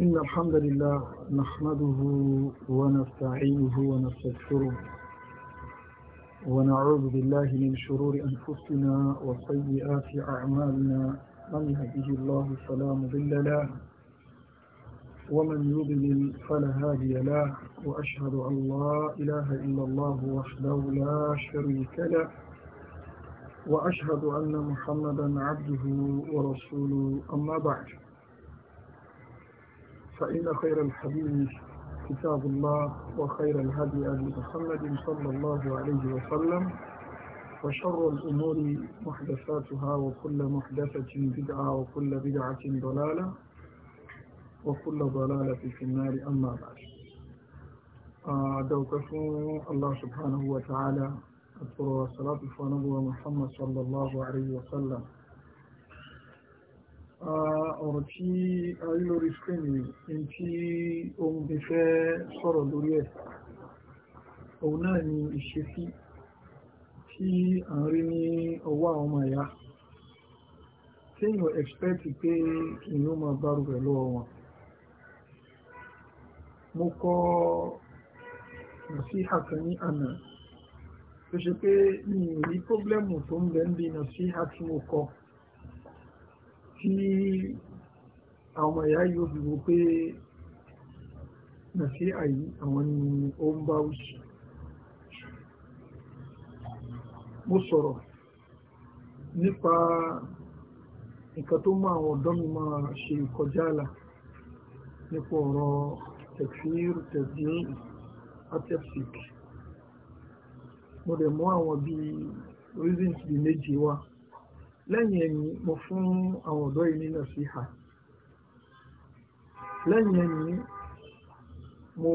إن الحمد لله نحمده ونستعينه ونستغفره ونعوذ بالله من شرور أنفسنا وسيئات أعمالنا من يهده الله فلا مضل له ومن يضلل فلا هادي له وأشهد أن لا إله إلا الله وحده لا شريك له وأشهد أن محمدا عبده ورسوله أما بعد فإن خير الحديث كتاب الله وخير الهدي أبي محمد صلى الله عليه وسلم وشر الأمور محدثاتها وكل محدثة بدعة وكل بدعة ضلالة وكل ضلالة في النار أما بعد آه، أدوككم الله سبحانه وتعالى أذكر صلاة الفنبوة محمد صلى الله عليه وسلم ọ̀rọ̀ tí a rí lórí screen ní tí ohun ti fẹ́ sọ̀rọ̀ lórí ẹ̀ òun náà ni ìṣesí tí a ń rí ní ọwọ́ àwọn ọmọ ẹ̀yà téèyàn expect pé èèyàn ó máa bárò rẹ̀ lọ́wọ́ wọn mo kọ́ nàṣíhà kan ní àná tó ṣe pé mi ò ní pọ́blẹ́mù tó ń bẹ ń bi nàṣíhà tí mo kọ́ tí àwọn ẹ̀yà yóò bí wo pé nàṣí àyí àwọn ni ó ń bá wùsù mo sọ̀rọ̀ nípa nǹkan tó mú àwọn ọ̀dọ́ mi máa ṣe ìkọjá àlà nípa ọ̀rọ̀ tẹ̀fíìrù tẹ̀fíìrù atẹ́fíìkì mo dẹ̀ mú àwọn bíi reasons bíi méjì wá lẹ́yìn ẹ̀yìn mo fún àwọn ọ̀dọ́ yìí nínú sí ha lẹ́yìn ẹ̀yìn mo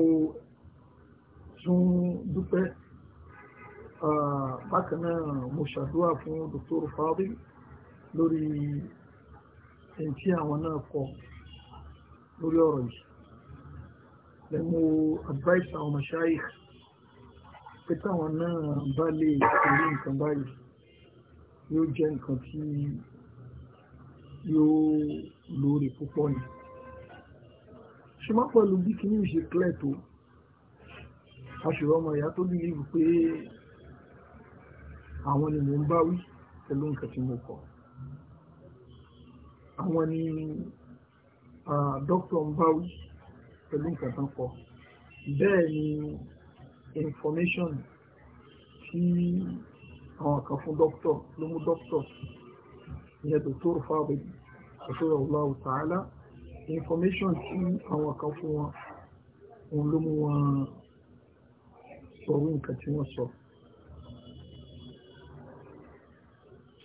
tún dúpẹ́ bákan náà mo ṣàdúrà fún Dr. Fadil lórí ẹni tí àwọn náà kọ lórí ọ̀rọ̀ yìí lẹ́nu advice àwọn mashayikh pé táwọn náà bá lè rí nǹkan báyìí yóò jẹ́ nǹkan tí yóò lóore púpọ̀ ni ṣùgbọ́n pẹ̀lú bí kìíní ṣe clear tó aṣèrò ọmọ ìyá tó bílíìfù pé àwọn ni mò ń bá wí pẹ̀lú nǹkan tí mo kọ̀ àwọn ni dókítà ń bá wí pẹ̀lú nǹkan tán kọ bẹ́ẹ̀ ni information tí. Si àwọn kan fún dókítọ̀ ló mú dókítọ̀ ìyẹn dr fábẹ́lì ọ̀ṣọ́rọ̀ ọ̀làwù tààlà information tí àwọn kan fún wọn òun ló mú wọn sọ̀rọ̀ nǹkan tí wọ́n sọ.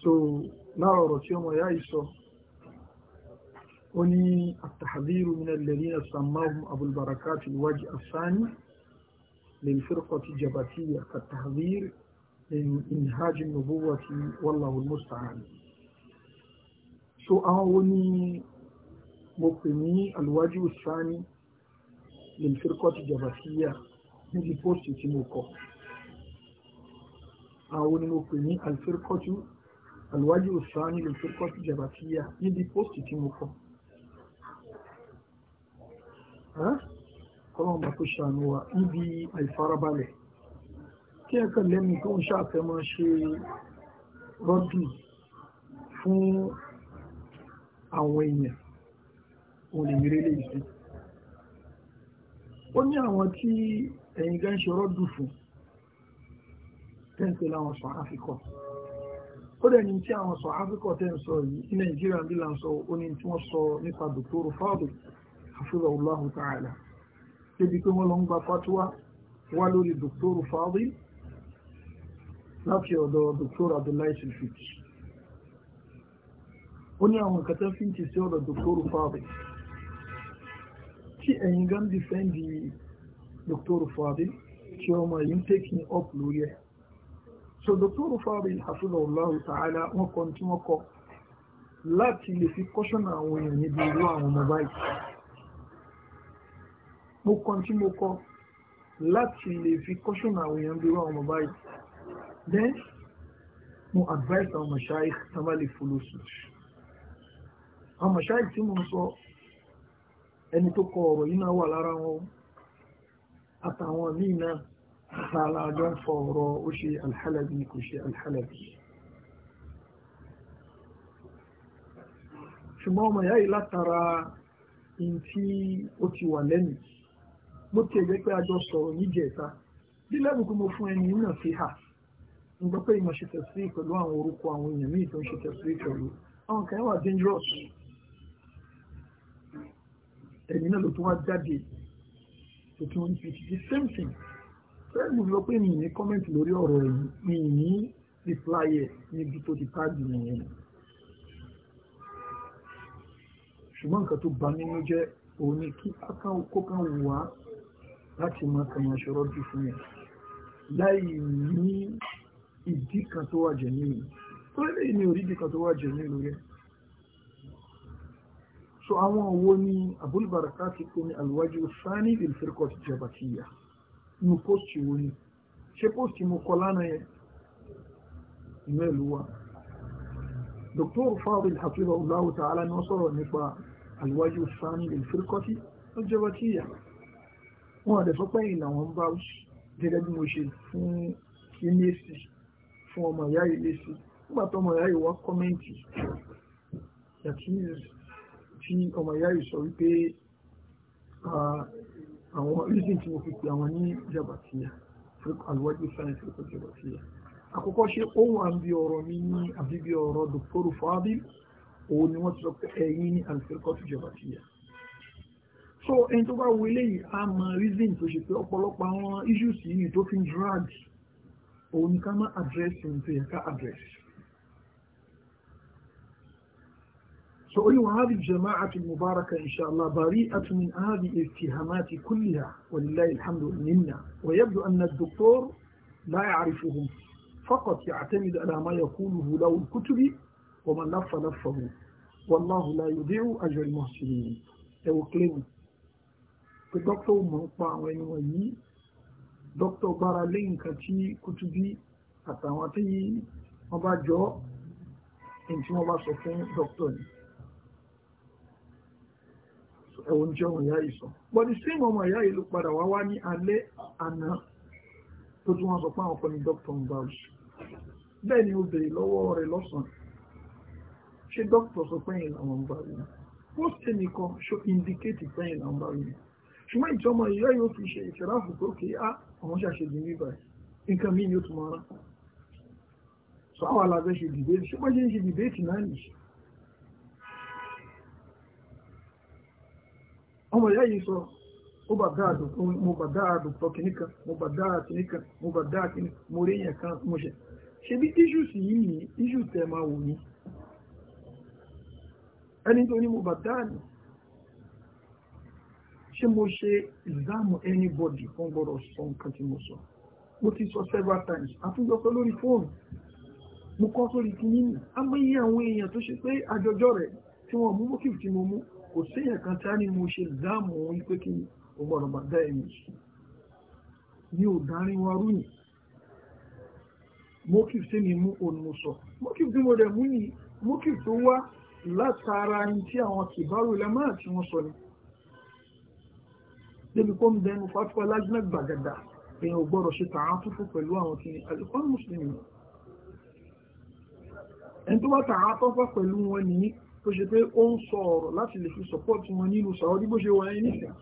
so lára ọ̀rọ̀ tí ọmọ ìyá yìí sọ ó ní àtàhàdírù min alladhina sàmáhùn abulbarakat alwaji asani lè fẹ́rẹ̀kọ́ ti jabatiyya kàtàhàdírù منهاج النبوة والله المستعان سؤالني مقيمي الواجب الثاني للفرقة الجبهية نجي بوستي تيموكو أو مقيمي الفرقة الواجب الثاني للفرقة الجبهية نجي بوستي تيموكو ها kọlọ́n bá tó ṣàánú wa tí ẹ̀kọ́ lẹ́nu tó ń ṣàfẹ́mọ́ ṣe rọ́dù fún àwọn èèyàn òun lè mire léyìí sí ó ní àwọn tí ẹ̀yin gan ṣe rọ́dù fún tẹ́ǹpẹ́ láwọn sọ áfíkọ́ ó dẹ̀ ní tí àwọn sọ áfíkọ́ tẹ́ ń sọ yìí ní nàìjíríà ń bí là ń sọ ó ní tí wọ́n sọ nípa dòtóró fáàbù hafizahullahu ta'ala débi pé wọ́n lọ ń gba fatuwa wá lórí dòtóró fáàbù láti ọ̀dọ̀ Dr. Abdullahi Sulfit ó ní àwọn nǹkan tó Dr. Fadé tí ẹ̀yin gan dìfẹ́ǹdì Dr. Fadé tí ọmọ yìí up so Dr. láti lè fi kọ́ṣọ́nà àwọn èèyàn níbi irú àwọn ọmọ báyìí mo tí mo láti lè fi kọ́ṣọ́nà àwọn èèyàn níbi irú àwọn ọmọ then mo advice àwọn mọ̀ṣáìk tí wọ́n bá lè follow suit àwọn mọ̀ṣáìk tí mo sọ ẹni tó kọ ọ̀rọ̀ yìí náà wà lára wọn àtàwọn míì náà àtàlà àjọ ń fọ ọ̀rọ̀ ó ṣe alhalabi kò ṣe alhalabi. ṣùgbọ́n ọmọ ìyá yìí látara in tí ó ti wà lẹ́nu bó tiẹ̀ jẹ́ pé a sọ̀rọ̀ níjẹ̀ta bí lẹ́nu kí mo fún ẹni náà fi hà nígbà pé ìmọ̀ ṣe tẹ̀sí pẹ̀lú àwọn orúkọ àwọn èèyàn míì tó ń ṣe tẹ̀sí pẹ̀lú àwọn kan wà dangerous ẹ̀yìn náà ló tún wá jáde tó tún ń fi the same thing fẹ́ẹ̀lì lọ pé mi ní kọ́mẹ́ǹtì lórí ọ̀rọ̀ yìí mi ní reply ẹ̀ níbi tó ti táàgì nìyẹn ṣùgbọ́n nǹkan tó bá nínú jẹ́ òun ni kí kó kan wà láti máa kàn máa ṣọ̀rọ̀ bí fún yẹn láì ní ìdí kan tó wà jẹ nínú tó lè ní orídì kan tó wà jẹ nínú rẹ̀ so àwọn owó ní Abul Barakat kó ní alwájú sani ilfirkot jabatiya inú pósìtì wo ni ṣé pósìtì mo kọ lánàá yẹn inú ẹ̀lú wa Dr. Fadil hafizahullahu ta'ala ni wọ́n sọ̀rọ̀ nípa alwájú sani ilfirkot jabatiya wọn àdẹ̀sọ́pẹ́yìn làwọn bá gẹ́gẹ́ bí mo ṣe fún kíníyèsí fún ọmọ ìyá yìí lésì nígbà tó ọmọ ìyá yìí wá kọ́mẹ́ǹtì yàtúnyìí tí ọmọ ìyá yìí sọ wípé àwọn reason tí mo fi pe àwọn ní jabatiya alwaju science ló pẹ̀lú jabatiya àkọ́kọ́ ṣe ohun àbí ọ̀rọ̀ mi ní àbí bí ọ̀rọ̀ dòkítọ́rù òun ni wọ́n ti sọ pé ẹ̀yìn ní alifirikọ́tù jabatiya so ẹni tó bá wọlé yìí a mọ reason tó ṣe pé ọ̀pọ̀lọpọ̀ àwọn issues yìí tó fi ń drag òun ni ká má àdírẹ́sì ohun tó yẹ ká àdírẹ́sì. سأري هذه الجماعة المباركة إن شاء الله بريئة من هذه الاتهامات كلها ولله الحمد منا ويبدو أن الدكتور لا يعرفهم فقط يعتمد على ما يقوله له الكتب ومن لف لفه والله لا يضيع أجر المحسنين يوكلم الدكتور من وين dókítà bara lé nǹkan tí Kutubi àtàwọn tí wọ́n bá jọ ẹni tí wọ́n bá sọ fún dókítà ni ẹ̀wọ̀n jẹ́ ọmọ ìyá yìí sọ but the same ọmọ ìyá yìí ló padà wá wá ní alẹ́ àná tó tún wọ́n sọ pé àwọn kan ní dókítà ń bá rù bẹ́ẹ̀ ni ó béèrè lọ́wọ́ rẹ̀ lọ́sàn-án ṣé dókítà sọ pé ẹ̀yìn làwọn bá rù wọ́n sì nìkan ṣó indicate pé ẹ̀yìn làwọn bá rù ṣùgbọ́n ìjọmọ ìyá yóò fi ṣe ìṣẹ́ráfù tó kì á àwọn ṣàṣejù ní ibà nǹkan míì ni ó tún mọ́ra sọ àwọn alábẹ́ ṣe dìbéètì ṣé wọ́n ṣe ń ṣe dìbéètì náà nìyí ọmọ ìyá yìí sọ ó bàbá àdùkọ́ mo bàbá àdùkọ́ kìnníkan mo bàbá kìnníkan mo bàbá kìnníkan mo rí èèyàn kan mo ṣe ṣe bí issues yìí ni issues tẹ̀ máa wò ní ẹni tó ní mo bàbá nìyí ṣé mo ṣe ìzáàmù anybody fún gbọ́dọ̀ sọ nǹkan tí mo sọ mo ti sọ several times àtúndọ́sọ lórí fóònù mo kọ́ sórí kìíní nì amáyé àwọn èèyàn tó ṣe pé àjọjọ́ rẹ̀ tí wọ́n mú mọ́kìf tí mo mú kò séèyàn kan tá ní mo ṣe ìzáàmù òun pé kí o gbọ́dọ̀ bá dá ẹ̀mí sùn ní ò dárin wa rú yìí mọ́kìf tí mi mú òun mo sọ mọ́kìf tí mo dẹ̀ mú ni mọ́kìf tó wá látara ní tí àwọn kìbárò lẹ́mọ́ àti wọ́n sọ ni débi kó ń bẹnu pápá lájúmọ́ gbàgàdà èèyàn ò gbọ́dọ̀ ṣe tààrà fúnfún pẹ̀lú àwọn tí alùpùpù mùsùlùmí ẹni tó bá tààrà fọ́fọ́ pẹ̀lú wọn nìyí tó ṣe pé ó ń sọ ọ̀rọ̀ láti lè fi sọ́pọ́ọ̀tì wọn nínú sàwọ́dí bó ṣe wọ ẹni nìkan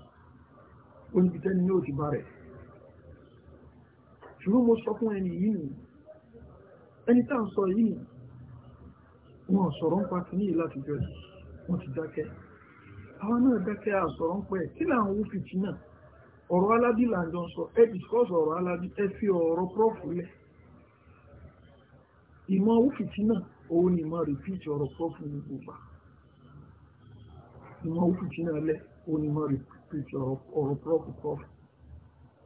ó ní bìtẹ́ ni ṣùgbọ́n mo sọ fún ẹni yìí nì ẹni tá àwọn náà dákẹ́ àsọ̀rọ̀ ń pẹ́ kí là ń wú fìtínà ọ̀rọ̀ aládì là ń jọ sọ ẹ dìskọ́sì ọ̀rọ̀ aládì ẹ fi ọ̀rọ̀ prọ́fù lẹ̀ ìmọ̀ wú fìtínà òun ni ìmọ̀ rìpíìtì ọ̀rọ̀ prọ́fù ní gbogbo ìmọ̀ wú fìtínà lẹ̀ òun ni ìmọ̀ rìpíìtì ọ̀rọ̀ prọ́fù prọ́fù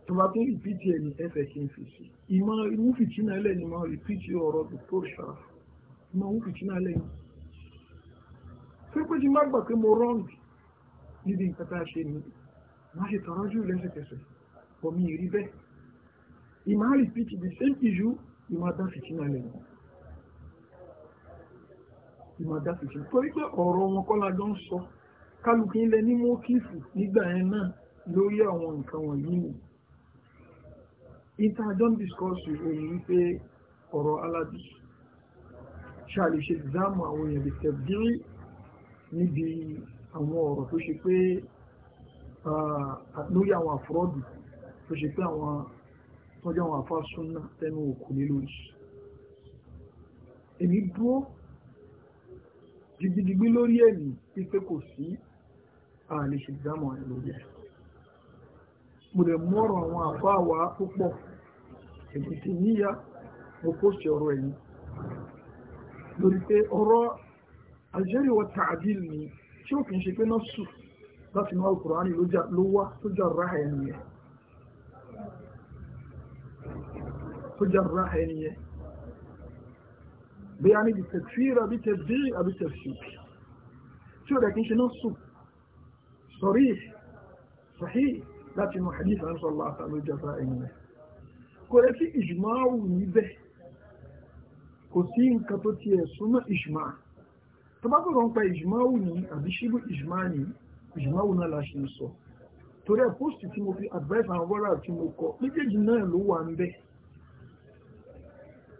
tó bá tún rìpíìtì ẹ̀ ní ẹsẹ̀ kí n fi sí ìmọ̀ wú fìtínà lẹ̀ ni ìmọ̀ rìpíìtì ọ̀rọ̀ dòkítọ̀ ṣàrà ìmọ̀ wú fìtínà lẹ̀ ni pé pé má gbà pé mo rọ́ǹgì níbi nǹkan tá a ṣe ni máa ṣe tọrọ jù lẹ́sẹ̀kẹsẹ̀ pọ̀ mi rí bẹ́ẹ̀ ìmáà repeat the same issue ìmọ̀ dá fìtínà lẹ́nu ìmọ̀ dá fìtínà torí pé ọ̀rọ̀ wọn kọ́ la jọ ń sọ kálukú ilẹ̀ ní mọ́kìfù nígbà yẹn náà lórí àwọn nǹkan wọ̀nyí ni interjọ́ ń discourse òun wípé ọ̀rọ̀ aládùn ṣàlè ṣe ìdáàmú àwọn èèyàn lè tẹ̀bírí àwọn ọ̀rọ̀ tó ṣe pé lórí àwọn àfúrọ́dù tó ṣe pé àwọn tọ́jú àwọn àfáàsúnà tẹnu òkú ní lórí èmi dúró jìgbìjìgbì lórí ẹ̀mí pípé kò sí ààlè ṣèdámọ̀ ẹ̀ lórí ẹ̀ mo lè mú àwọn àfáà púpọ̀ èmi níyà mo kó sí ọ̀rọ̀ ẹ̀yìn lórí pé ọ̀rọ̀ àjẹ́rìwọ̀ tààdìl ni شو كان شيء كنا نشوف بس ما القرآن لوجا لوا تجا راح يعني تجا راح يعني بيعني بتكفير أبي تبدي أبي تفسير شو لكن شيء نشوف صريح صحيح لكن الحديث عن صلى الله عليه وسلم كل في إجماع ونبه كثير كتوتيه سنة إجماع tó bá sọ̀rọ̀ nípa ìjùmáwù ní àbí ṣíbù ìjùmá ní náà la ṣe ń sọ torí ẹ̀ post tí mo fi advice àwọn bọ́lá tí mo kọ méjèèjì náà ló wà ń bẹ̀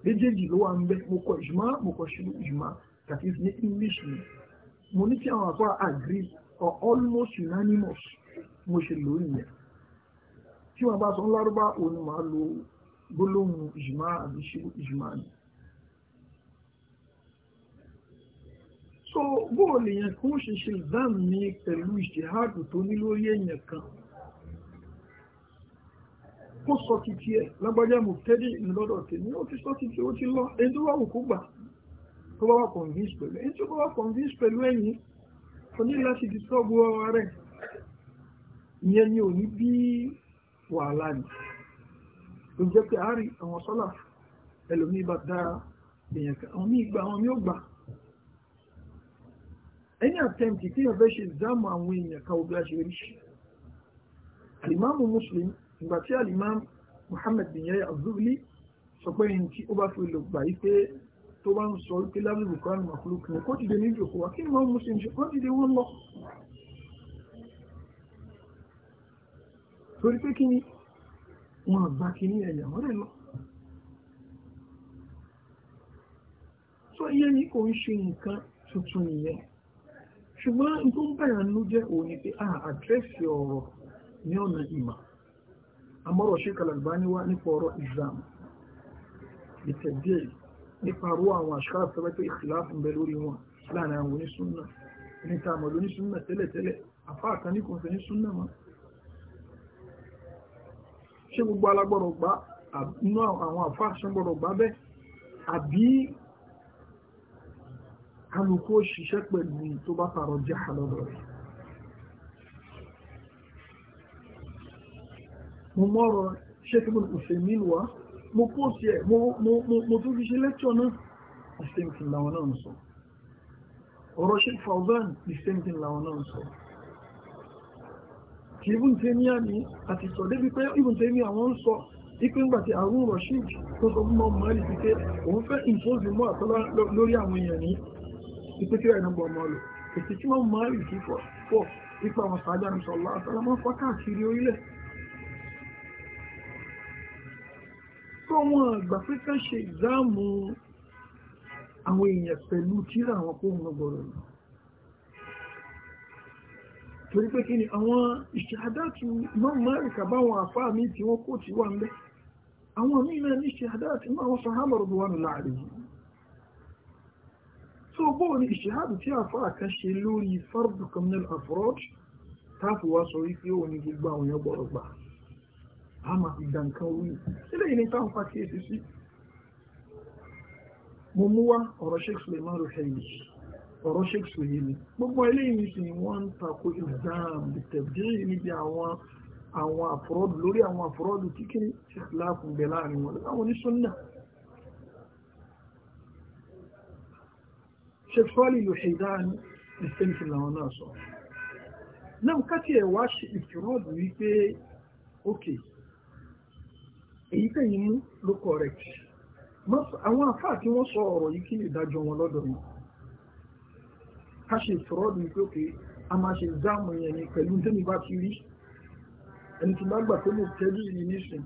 méjèèjì ló wà ń bẹ̀ mo kọ ìjùmá mo kọ ṣíbù ìjùmá tàbí ní English ni mo ní kí àwọn àpá agree or almost unanimous mo ṣe lò nìyẹn tí wọn bá sọ ńlá rúbá òun máa lo gbólóhùn ìjùmá àbí ṣíbù ìjùmá ni. so bóòlù yẹn kó ṣe ṣe ìzáàmù ní pẹ̀lú ìṣèhádù tó ní lórí èèyàn kan kó sọ títí ẹ̀ lágbájá mú tẹ́lẹ̀ ìlọ́dọ̀ tèmi ó ti sọ títí ó ti lọ ẹni tó bá wù kó gbà tó bá wà convince pẹ̀lú ẹni tó bá wà convince pẹ̀lú ẹ̀yìn ó ní láti disturb ọwọ́ rẹ̀ ìyẹn ni ò ní bí wàhálà ni tó jẹ́ pé àárín àwọn sọ́là ẹlòmíì bá dára èèyàn kan àwọn míì gbà àwọn míì ò gbà ẹni àtẹ̀ǹtì tí yẹn fẹ́ ṣe ìdáàmú àwọn èèyàn kan obìnrin àṣeyọríṣi alimami muslim ìgbà tí alimami muhammed bin yahya azuli sọ pé ẹni tí ó bá fi lò gbà yìí pé tó bá ń sọ wípé lábẹ́ bukoran makulu kan kó dìde ní ìjòkó wa kí ni wọn muslim ṣe kó dìde wọn lọ. torí pé kí ni wọn àgbà kí ni ẹ̀yà wọn rẹ̀ lọ. sọ iye ni kò ń ṣe nǹkan tuntun nìyẹn ṣùgbọ́n n tó ń bẹ̀rẹ̀ nínú jẹ́ òun ni pé a àdírẹ́sì ọ̀rọ̀ ní ọ̀nà ìmọ̀ àmọ́rọ̀ ṣe kàlàgbá níwá nípa ọ̀rọ̀ ìzàmù ìtẹ̀díẹ̀ nípa rú àwọn àṣkára tó bẹ́tẹ̀ ìkìláàfù ń bẹ lórí wọn láàrin àwọn onísúnnà níta àmọ̀ lónísúnnà tẹ́lẹ̀tẹ́lẹ̀ kálukú ó ṣiṣẹ́ pẹ̀lú tó bá fàrọ̀ jẹ́ àlọ́dọ̀ rẹ̀. mo mọ́rọ̀ ṣẹ́kùn òṣèmín wá mo kó sí ẹ̀ mo tún fi ṣe lẹ́kṣọ̀ náà the same thing làwọn náà ń sọ ọ̀rọ̀ ṣe Fauzan the same thing làwọn náà ń sọ kì í bùn tẹ́míà àti sọ débi pé ìbùn tẹ́míà wọ́n ń sọ ipe ń gbà tí Harun Rashid tó sọ fún ọmọ Malik pé òun fẹ́ ìfọ́sùn àtọ́lá lórí àwọn èèyàn ní ìpẹ́kẹ́rẹ́ náà bọ̀ ọmọ lò èsì tí wọ́n máa rí sí pọ̀ ipa àwọn sàájá ní sọ̀lá àtàlà máa fọ́ káàkiri orílẹ̀ tó wọn àgbà pé ká ṣe ìdáàmú àwọn èèyàn pẹ̀lú tíra àwọn fóun ni àwọn ìṣàdátù máa máa rí ka ba mi tí àwọn so bóò ni ìṣèhádù tí àfáà kan ṣe lórí fardu communal afrod táàfù wá sọ wípé ó ní gbogbo àwọn èèyàn gbọ́dọ̀ gbà á máa fi dà nǹkan wí sílẹ̀ yìí ni táwọn fa kíyèsí sí mo mú wá ọ̀rọ̀ sheikh suleiman ruhaili ọ̀rọ̀ sheikh suleiman gbogbo eléyìí sì ni wọ́n ń tako exam tẹ̀bíyì níbi àwọn àwọn àfọ̀rọ̀dù lórí àwọn àfọ̀rọ̀dù kíkiri ṣe láàfù bẹ̀ láàrin wọn láwọn oníṣúná náà sheikh sọ́ọ̀lì lòṣèdáni ìsẹ́ǹtì làwọn náà sọ náà káti ẹ̀ wá ṣe ìfìrọ́ọ̀dù wípé ókè èyí tẹ̀yìn mú ló correct àwọn àfáà tí wọ́n sọ ọ̀rọ̀ yìí kí lè dájọ́ wọn lọ́dọ̀ yìí ká ṣe ìfìrọ́ọ̀dù wípé ókè a máa ṣe ìzáàmù yẹn ni pẹ̀lú tẹ́mi bá ti rí ẹni tí bá gbà pé mo tẹ́lú yìí nísìn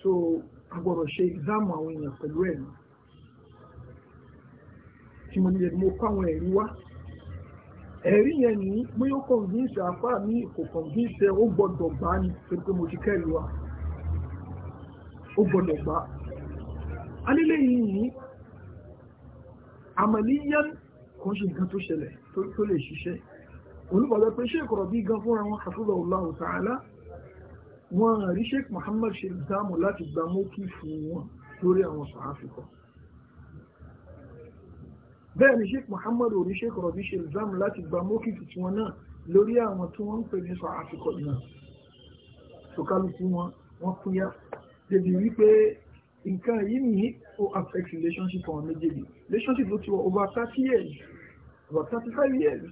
so a gbọ́dọ̀ ṣe ìzáàmù àwọn èèyàn pẹ̀lú ẹ̀mí tí mo ní mo kọ́ àwọn ẹ̀rí wá ẹ̀rí yẹn ní bóyá ó convince apá mi kò convince ó gbọ́dọ̀ gbá ni torí pé mo ti kẹ́rì wá ó gbọ́dọ̀ gbá alílé yìí ní àmàlíyàn kan ṣe nǹkan tó ṣẹlẹ̀ tó lè ṣiṣẹ́ olùbọ̀lọ́ pé ṣe ìkọ̀rọ̀ bí gan fúnra wọn àfúgbà Allahu Ta'ala wọn rí Sheikh Muhammad ṣe dáàmù láti gbàmókì fún wọn lórí àwọn sàáfikọ̀ bẹ́ẹ̀ ni sheikh muhammad orí sheikh rọ̀bí ṣe exam láti gba mókìtì tiwọn náà lórí àwọn tí wọ́n ń pè ní sọ àfikọ̀ náà sọkálùkù wọn wọ́n kúyà débi wípé nǹkan yìí ní ó affect relationship àwọn méjèèjì relationship ló ti wọ over thirty years over thirty five years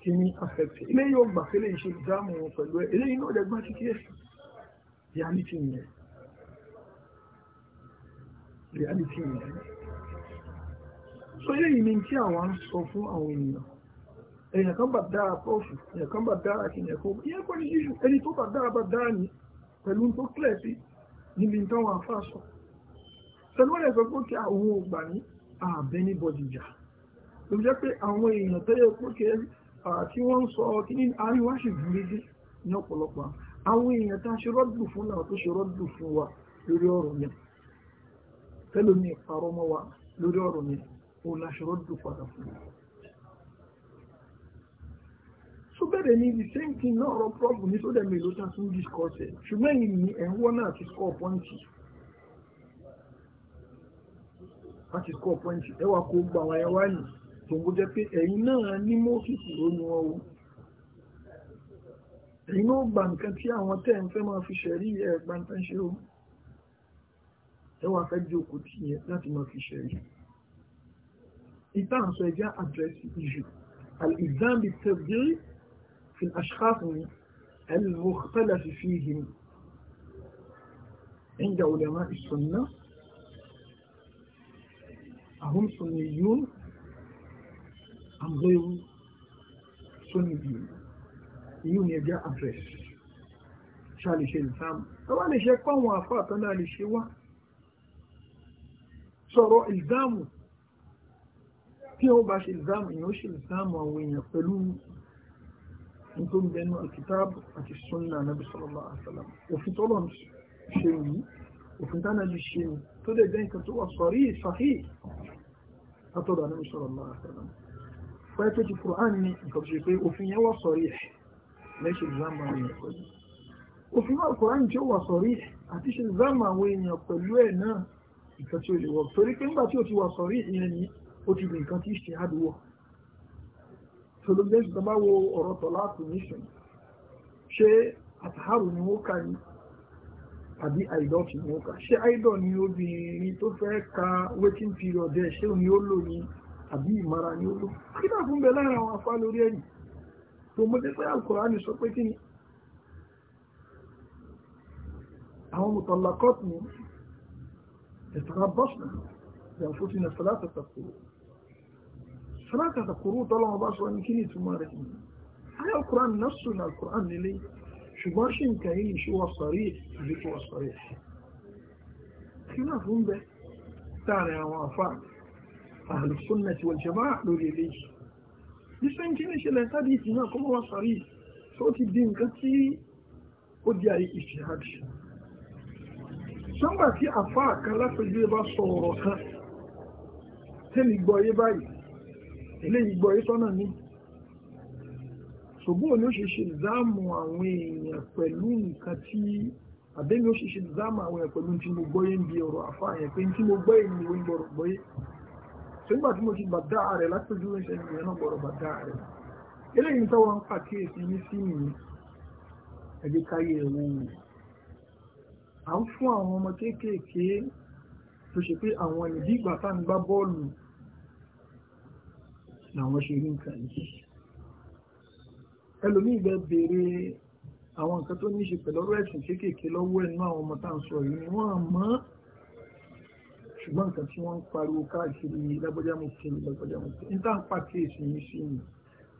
kí ni affect eléyìí ó gbà pé lè ṣe exam wọn pẹ̀lú ẹ eléyìí náà dẹ́gbà títí ẹ̀ reality yẹn reality yẹn so eléyìí ni tí àwọn ń sọ fún àwọn ènìyàn èèyàn kan bá dára pọ́ọ̀fù èèyàn kan bá dára kí èèyàn kó ìyẹn kọ́ ní yíṣu ẹni tó bá dára bá dára ní pẹ̀lú tó kílẹ̀ sí níbi táwọn afá sọ sẹ́lúwọ́n lè sọ pé kí àwọn ò gbà ní àbẹ́ní bọ́dìjà ló jẹ́ pé àwọn èèyàn tó yẹ pé kí wọ́n ń sọ kí ní àríwá sì dúró dé ní ọ̀pọ̀lọpọ̀ àwọn èèyàn tá a ṣe rọ́dù fún náà tó ṣe rọ́dù fún wa lórí ọ̀rọ̀ yẹn tẹ́lómi ìparọ́ mọ́ wa lórí ọ̀rọ̀ yẹn ó láṣọ́rọ́ dùn padà fún un. so bẹ́ẹ̀ ni the same thing náà ọ̀rọ̀ problem ní sódẹ̀ mi ló ta tún discuss ẹ̀ ṣùgbọ́n èyí ni ẹ̀wọ́n náà ti score point láti score point ẹwà kó gba àwọn ẹwà nì tó ń gbọ́jẹ́ pé ẹ̀yin náà ní mọ́fíìsì lónìí wọn o ẹ̀yin náà gba nǹkan tí àwọn tẹ́ ń fẹ́ máa fi ṣẹ̀rí ẹ̀ gbantanṣe o ẹwà fẹ́ di tì yẹn láti máa fi ṣẹ̀rí. إذا سيجا أدرس إيجو الإذان بالتبديع في الأشخاص المختلف فيهم عند علماء السنة أهم سنيون أم غير سنيون يون يجا أدرس شالي شيء الفهم أو أنا شيء كون وافات أنا لشيء صاروا إلزامه tí ó bá ṣe ìzámù yóò ṣe ìzámù àwọn èèyàn pẹ̀lú tó ń bẹnu àkìtáàbù àti sunna nàbí sallallahu alaihi wasallam òfin tọ́lọ̀ ṣe yìí òfin tánà lè ṣe yìí tó dẹ̀ jẹ́ nǹkan tó wà sọ̀rí ìsàfí látọ̀dọ̀ nàbí sallallahu alaihi wasallam pẹ́ tó ti Qur'an ní nǹkan tó ṣe pé òfin yẹn wà sọ̀rí lẹ́ṣẹ̀ ìzámù àwọn èèyàn pẹ̀lú òfin wà Qur'an tí ó wà sọ̀rí àti ṣe ìzámù àwọn èèyàn pẹ̀lú ẹ̀ náà nǹkan tí lè wọ̀ torí pé nígbà tí ó ti wà sọ̀rí ìyẹn ni ó ti di nǹkan tí ṣe àdúwọ̀ tolóbẹ́sì tó bá wo ọ̀rọ̀ tọ̀ láti nìṣẹ́ ṣé àtàrù ni wọ́n kà ní àbí àìdọ́ ti ní wọ́n kà ṣé àìdọ́ ni obìnrin tó fẹ́ ka waiting period ẹ̀ ṣé òun ni ó lò ní àbí ìmara ni ó lò kí náà fún bẹ lára àwọn afá lórí ẹ̀yìn tó mọ́ pé Al-Kùránì sọ pé kí ni àwọn mùtọ̀lákọ́tù ẹ̀tàrà bọ́sùn ìyàwó fún ti nà sọ́lá tẹ̀tẹ̀ kúrò ثلاثة قروء طالما بقى سؤال كيني تمارس هاي القرآن نفسه القرآن لي شو بارش كاين شو صريح اللي هو صريح خلاف هم ده تعالى يا وافع أهل السنة والجماعة لولي ليش لسان كنش لا تدي فينا كم هو صريح صوت الدين كتي ودي أي اجتهاد سنبا في أفاق لا تجيب صورة تلي بوي باي ilé ìgbọ́ ìtọ́nà ní ṣùgbọ́n ò ní ó ṣe ṣe ìzáàmù àwọn èèyàn pẹ̀lú nǹkan tí àbẹ́mi ó ṣe ṣe ìzáàmù àwọn èèyàn pẹ̀lú tí mo gbọ́yé ń di ọ̀rọ̀ àfa àyẹ̀ pé tí mo gbọ́yé ni mo ń gbọ́rọ̀ gbọ́yé ṣùgbọ́n tí mo ti bàdá rẹ̀ látọ̀jú ẹ̀ṣẹ̀ ìyẹn náà gbọ́rọ̀ bàdá rẹ̀ eléyìí ní táwọn pàkíyèsí ní sí ìyẹn ẹ̀jẹ̀ káyé ẹ̀wọ̀n à ń fún àwọn ọmọ kéékèèké tó ṣe pé àwọn ìdí ìgbà tá à ń gbá bọ́ọ̀lù làwọn ṣe rí nǹkan yìí ẹlòmíì bẹ béèrè àwọn nǹkan tó ní ṣe pẹ̀lú ọ̀rọ̀ ẹ̀sìn kéékèèké lọ́wọ́ ẹ̀nú àwọn ọmọ tá à ń sọ yìí ni wọ́n mọ̀ ṣùgbọ́n nǹkan tí wọ́n ń pariwo káàkiri lágbọ́já mo kí ni lágbọ́já mo kí ni níta ń pa kéèsì yìí sí ni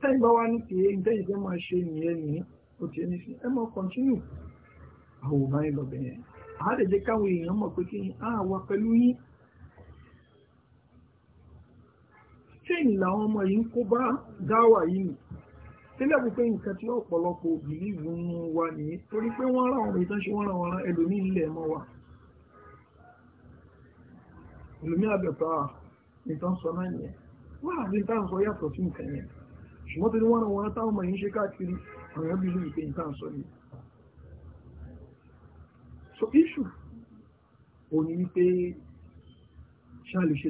tẹ́yìn bá wá ní pé ntẹ́yìn fẹ́ máa ṣe nìyẹn ní o ti ní sí ẹ máa kọ́ntínú àwòrán ìlọ̀bẹ̀ yẹn àádẹ́jẹ́ káwọn èèyàn mọ̀ pé kí ni ah, àwa pẹ̀lú yín chain làwọn ọmọ yìí ń kó bá dáwà yìí nì sílẹ̀ wípé nǹkan tí ọ̀pọ̀lọpọ̀ bìlíìfù ń wa nìyí torí pé wọ́n ra ọ̀rọ̀ ìtàn wọ́n ra ọ̀rọ̀ ẹlòmíì ilẹ̀ mọ́ wa ẹlòmíì àbẹ̀tà ah, nǹkan sọ náà nìyẹn wọ́n á ní nǹkan sọ yàtọ̀ sí nǹkan yẹn ṣùgbọ́n tó ní wọ́n ra ọ̀rọ̀ táwọn ọmọ yìí ń ṣe káàkiri àwọn ẹbí ló ìpè nǹkan sọ yìí so issue òní wípé ṣáà lè ṣe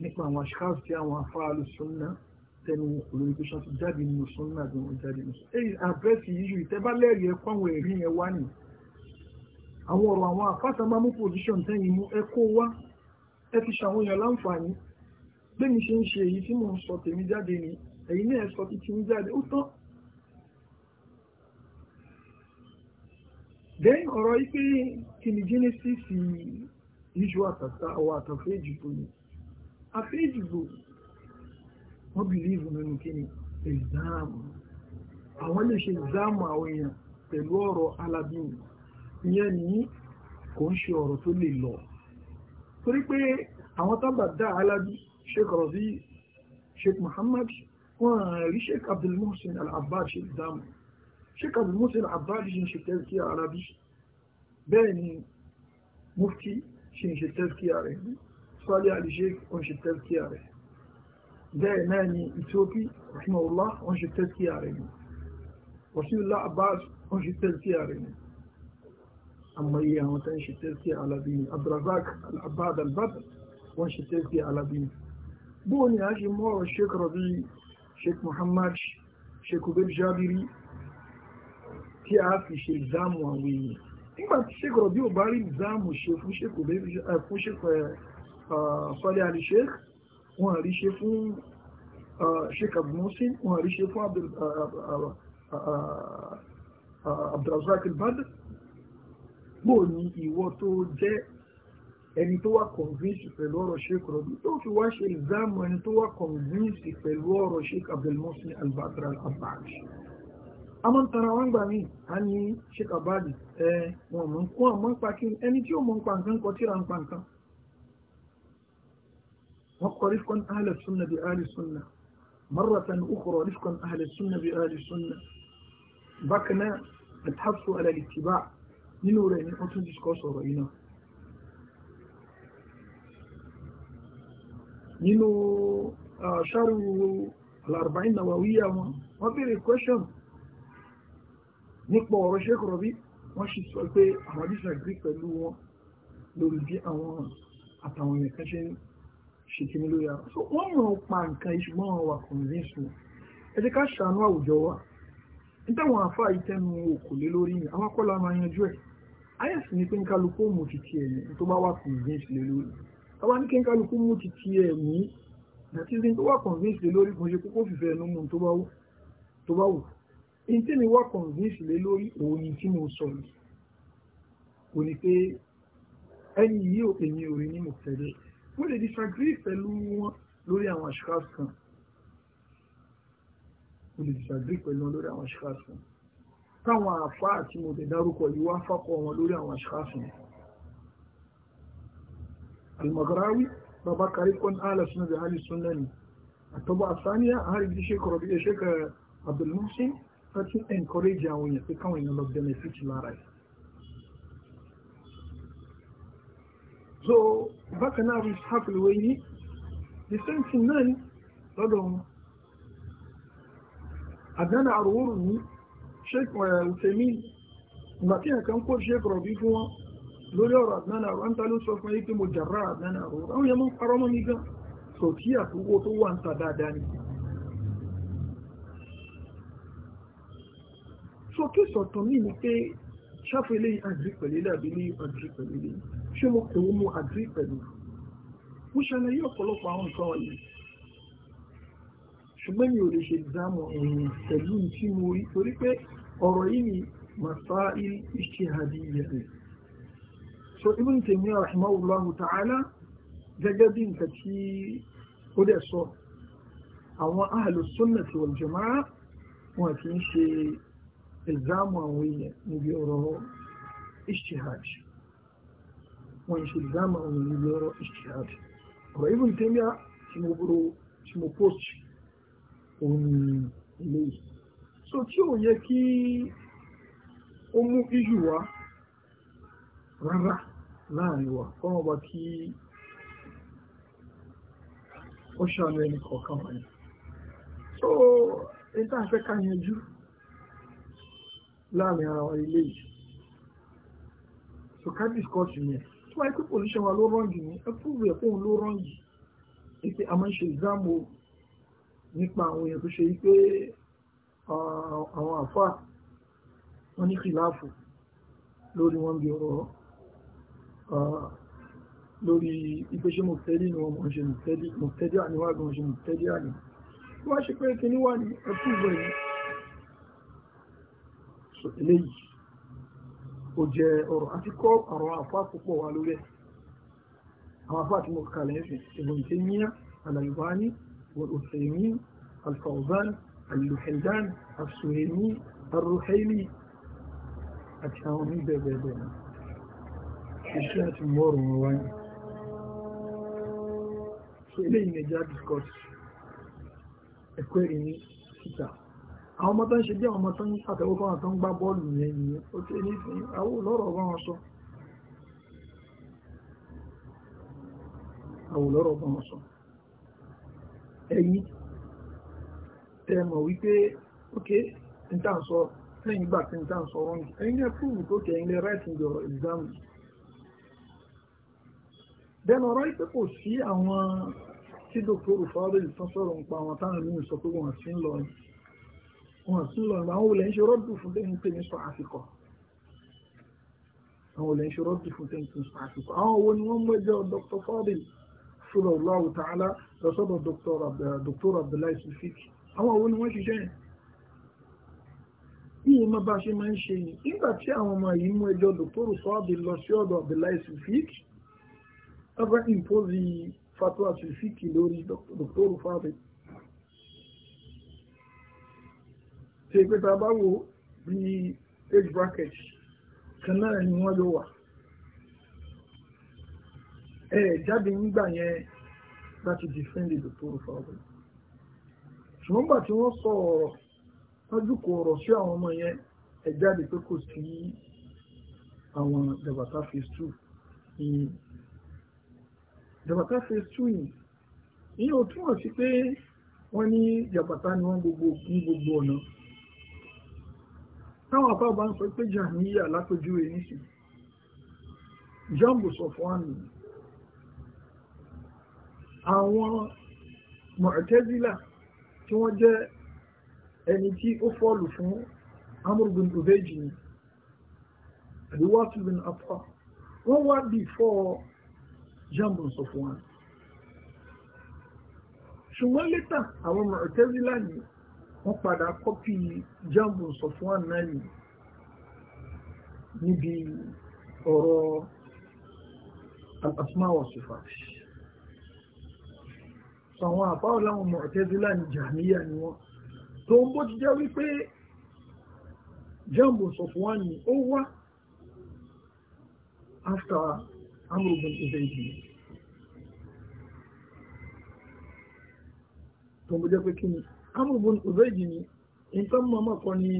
nípa àwọn aṣáàfù tí àwọn afáàlù súnná tẹnu olórí tó ṣáàtú jáde nínú súnná àti wọn jáde nínú súnná. èyí àbẹ́sì yíyú ìtẹ́bálẹ́rì ẹ kó àwọn ẹ̀rí yẹn wá nì àwọn ọ̀rọ̀ àwọn àfáàtà máa mú pòsíṣọ̀n tẹ́yìn mú ẹ kó wá ẹ fi ṣàwọn èèyàn láǹfààní bẹ́ẹ̀ni ṣe ń ṣe èyí tí mò ń sọ tèmi jáde ni èyí náà ẹ sọ ti ti ń jáde ó tán. dẹ́yìn ọ̀rọ̀ yìí pé kìnnìjínésìsì ìṣù àtàtà ọ̀ àtàfẹ́ ìjìbò ni afẹ́ ìdìbò wọ́n bìlíìfù nínú kíni ẹ̀záàmù àwọn lè ṣe ẹ̀záàmù àwọn èèyàn pẹ̀lú ọ̀rọ̀ alábìnú ìyẹn ní kò ń ṣe ọ̀rọ̀ tó lè lọ torí pé àwọn tábà dá alábí sheikh rọ̀bí sheikh muhammad wọ́n rí sheikh abdulmuhsin al-abbad ṣe ẹ̀záàmù sheikh abdulmuhsin al-abbad ṣe ń ṣe tẹ́sí alábí bẹ́ẹ̀ ni mufti ṣe ń ṣe tẹ́sí rẹ̀ sọ́lé àlìṣe wọ́n ṣe tẹ́síà rẹ̀ bẹ́ẹ̀ náà ni ìtókí rahimahullah wọ́n ṣe tẹ́síà rẹ̀ ni wasilullah abbas wọ́n ṣe tẹ́síà rẹ̀ ni àmọ́ iye àwọn tẹ́ ń ṣe tẹ́síà alábí ni abdulrazak al-abbad al-badr wọ́n ṣe tẹ́síà alábí ni bóò ni a ṣe mọ́ ọ̀rọ̀ sheikh rabi sheikh muhammad sheikh ubed jabiri tí a fi ṣe ìzámù àwọn èèyàn nígbà tí sheikh rabi ò bá rí ìzámù ṣe fún sheikh ubed fún sọ́lẹ̀ àríṣẹ́ wọn àríṣẹ́ fún uh, sheikh abdulmusin wọn àríṣẹ́ fún uh, uh, abdulrazak albad bó ni ìwọ tó jẹ́ ẹni tó wà convince pẹ̀lú ọ̀rọ̀ sheikh rọ̀bí tó fi wá ṣe ìzámù ẹni tó wà convince pẹ̀lú ọ̀rọ̀ sheikh abdulmusin albad al-abbad àmọ́ tara wọn gbà mí a ní sheikh abadi ẹ wọn mọ̀ ń kún àmọ́ ń pa kí ẹni tí ó mọ̀ ń pa nǹkan kọtíra ń pa nǹkan وقريشكم أهل السنة بآل السنة مرة أخرى ليشكم أهل السنة بآل السنة بكنا تحفظوا على الاتباع من وراني حسن تشكوش ورأينا من آه، شهر الأربعين نواوية ما في ريكوشن نقبع ورشيخ ربي ماشي سؤال بي أحمد الشيخ ريك فلو لو ربي أوان أتاوني كشين ṣe kí ni ló so wọ́n mọ̀ ọ́n pa nǹkan ìṣùgbọ́n wọn wà convince wọn ẹ ká ṣàánú àwùjọ wa níta àwọn àfáà yìí tẹnu òkò lé lórí yìí àwọn akọ́lá máa yanjú ẹ̀ àyẹ̀sì ni pé nkálukú mú ti tiẹ̀ ní tó bá wà convince lé lórí táwa ní kí nkálukú mú ti tiẹ̀ mí àti ní tó wà convince lé lórí kò ṣe kókó fìfẹ́ ẹnu mú tó bá wù tó bá wà convince lé lórí òun ni tí mo sọ yìí òní pé ẹni yìí ò èmi ò rí ní mo fẹ́ bẹ́ẹ̀ mo lè disagree pẹ̀lú wọn lórí àwọn àṣíkáàsì kan mo lè disagree pẹ̀lú wọn lórí àwọn àṣíkáàsì kan táwọn àfá àti mo lè dárúkọ yìí wá fákọ wọn lórí àwọn àṣíkáàsì kan al-Maghrawi baba karikon ala suna da hali sunna ne a tọba asaniya a hari shekara biyu shekara eh, abdulmusin ta tún encourage àwọn èèyàn pé káwọn èèyàn lọ benefit lára ẹ̀ so bákan náà abu ishaq lówó yìí the same thing náà ni lọ́dọ̀ wọn àdánà àrùwòrò ní sheikh eh, usemin ìgbà tí ẹ̀kan kó sheikh rọ̀bí fún wọn lórí ọ̀rọ̀ àdánà àrùwòrò ta ló sọ fún yìí pé mo jàrá àdánà àrùwòrò àwọn yẹn mọ́ parọ́ mọ́ mi gan sọ tí àtúwò tó wà ń ta dáadáa ni sọ kí sọ̀tọ̀ mí ni pé ṣáfẹ́lẹ́ àdìrí pẹ̀lẹ́lẹ́ àbílẹ́ àdìrí pẹ̀lẹ́lẹ́ ṣé mo èwo mo àdírí pẹ̀lú mo ṣàlàyé ọ̀pọ̀lọpọ̀ àwọn nǹkan wọ̀nyí ṣùgbọ́n mi ò lè ṣe dáàmú ẹ̀yìn pẹ̀lú tí mo rí torí pé ọ̀rọ̀ yìí ni màsá iṣẹ́ àdìyẹ rẹ̀ so Ibn Taymiyyah rahimahullahu ta'ala gẹ́gẹ́ bí nǹkan tí ó dẹ̀ sọ àwọn ahlu sunnati wal jama'a wọn kì í ṣe ìzáàmù àwọn èèyàn níbi ọ̀rọ̀ ìṣèhàjì wọ́n ṣe ìzámà àwọn ìlú ọ̀rọ̀ ìṣìṣàd ọ̀rọ̀ ibùn tẹ́míà tí mo búrò tí mo post òun ilé yìí so tí o yẹ kí ó mú iyù wá rárá láàrin wa fọ́nà wa kí ó ṣàánú ẹni kọ̀ọ̀kan wáyé so èyí tá a fẹ́ ká yanjú láàrin ara wa ilé yìí so ká discuss yẹn tó wáyé pé position wa ló rọ́ǹgì ní ẹ fúrú ẹ̀ fóun ló a ètò àmọ́ ṣe ìzáàmù nípa àwọn èèyàn tó ṣe yí pé àwọn àfáà wọn ní kìláàfù lórí wọn bí ọ̀rọ̀ lórí ìpéṣẹ́ mọ̀tẹ́lì ni wọ́n mọ̀ ṣe mọ̀tẹ́lì àníwájú wọn ṣe mọ̀tẹ́lì àní wọ́n ṣe pé kíní wà ní ẹkú ìgbẹ̀yìn eléyìí ó jẹ́ ọ̀rọ̀ àti kọ́ àwọn àfá púpọ̀ wà lórí ẹ̀ àwọn àfá tí mo kàlẹ̀ ẹ̀sìn ìbùn tí níyà alàlùbáni wàlùfẹ̀mí alfawzan alùhẹ̀dán asuhẹ̀mí arúhẹ́lì àti àwọn ní bẹ̀rẹ̀ iṣẹ́ àti mọ́rùn wọn wáyé so eléyìí ni ẹja discourse ẹ̀kọ́ ìrìn síta àwọn ọmọ tó ń ṣe bí àwọn ọmọ tó ń ṣàtẹ̀wò fún àwọn tó ń gbá bọ́ọ̀lù yẹn nìyẹn ó ti ní ìfún àwọn olóró bá wọn sọ àwọn olóró bá wọn sọ wípé ókè n tá à tí n tá à ń tó kẹ́ ẹ̀yin lẹ́ right in exam then ọ̀rọ̀ yìí pé kò sí àwọn tí dòkítọ́rù fáwọn ìtọ́sọ̀rọ̀ ń pa àwọn wọn sún lọ àwọn olè ń ṣe rọ́dù fún tẹ́yìn pé ní sọ àfikọ́ àwọn olè ń ṣe rọ́dù fún tẹ́yìn pé ní sọ àfikọ́ àwọn owó ni wọ́n mú ẹjọ́ Dr. Fadil sọlọ lọ́wọ́ tààlà lọ́sọ́dọ̀ Dr. Abdullahi Sufik àwọn owó ni wọ́n ṣiṣẹ́ yẹn bí ìmọ̀ bá ṣe máa ń ṣe yìí nígbà tí àwọn ọmọ yìí mú ẹjọ́ Dr. Fadil lọ sí ọ̀dọ̀ Abdullahi Sufik ọgbà impose fatwa Sufik lórí Dr. Fadil ṣe pé ta bá wo bí age bracket kan náà ni wọ́n ló wà ẹ jáde nígbà yẹn láti defend the poor father. ṣùgbọ́n gbà tí wọ́n sọ ọ̀rọ̀ lójú kò ọ̀rọ̀ sí àwọn ọmọ yẹn ẹ jáde pé kò sí àwọn dàbàtà phase two yìí dàbàtà phase two yìí ìyẹn ò túmọ̀ sí pé wọ́n ní jàbàtà ni wọ́n gbogbo ní gbogbo ọ̀nà táwọn afá bá ń sọ pé jàmíyà lápèjúwe nísìn jambu sọ fún àmì àwọn mọ̀tẹ́zílà tí wọ́n jẹ́ ẹni tí ó fọ́ọ̀lù fún Amr bin Ubeji ni àdúwàtú bin apá wọ́n wá bí fọ́ jambu sọ fún àmì ṣùgbọ́n lẹ́tà àwọn mọ̀tẹ́zílà ni wọ́n padà kọ́pì jambu Sọ̀fúnwán náà yìí níbi ọ̀rọ̀ al-asma wa sifat sọ̀wọ́n àbáwọ̀ láwọn Mu'tazila ní jàmíyà ni wọ́n tó ń bó ti jẹ́ wípé jambu Sọ̀fúnwán ni ó wá after Amr ibn tó ń bó jẹ́ pé kí ni amúbùn ìbéjì ni nǹkan mọ́mọ́ kan ni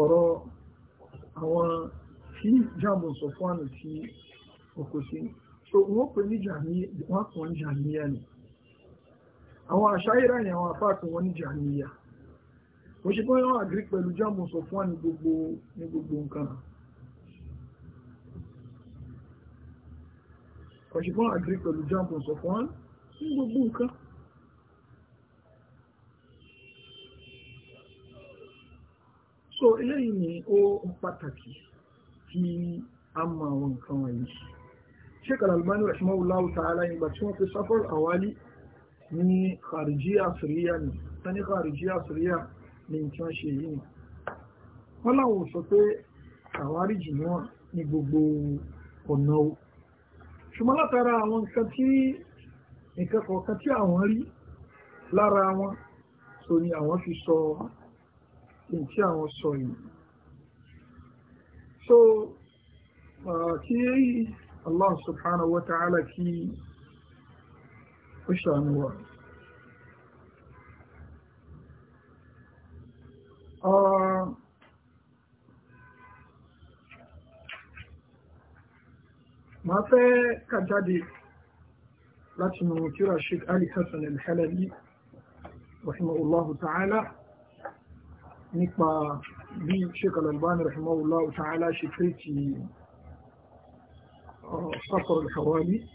ọ̀rọ̀ àwọn tí jàmù sọ fún àmì tí ọkọ̀ sí so wọ́n pè ní wọ́n kàn ń jàmíyà ni àwọn àṣáyíra ni àwọn afáàkùn wọn ní jàmíyà ó ṣe pé wọ́n àgírí pẹ̀lú jàmù sọ fún àmì gbogbo ní gbogbo nǹkan ọ̀ṣùgbọ́n àgírí pẹ̀lú jàmù sọ fún àmì ní gbogbo nǹkan so eléyìí ni ó pàtàkì tí a mọ àwọn nǹkan wọ̀nyí Sheikh Al-Albani rahimahullahu ta'ala ìgbà tí wọ́n fi Safar Awali ní kharijiyya Siriya ni tani kharijiyya Siriya ni nǹkan ṣe yìí ni wọ́n láwọn sọ pé àwárí jù náà ní gbogbo ọ̀nà o ṣùgbọ́n látara àwọn nǹkan tí nǹkan kọ̀ọ̀kan tí àwọn rí lára wọn so ni àwọn fi sọ tí àwọn sọ yìí so kí Allah subhanahu wa ta'ala kí ó ṣàánú wa ma fẹ́ ka jáde láti mọ̀ tíra Sheikh Ali Hassan al-Halabi rahimahullahu ta'ala نكبا شيخ الألباني رحمه الله تعالى شكرتي سفر الحوالي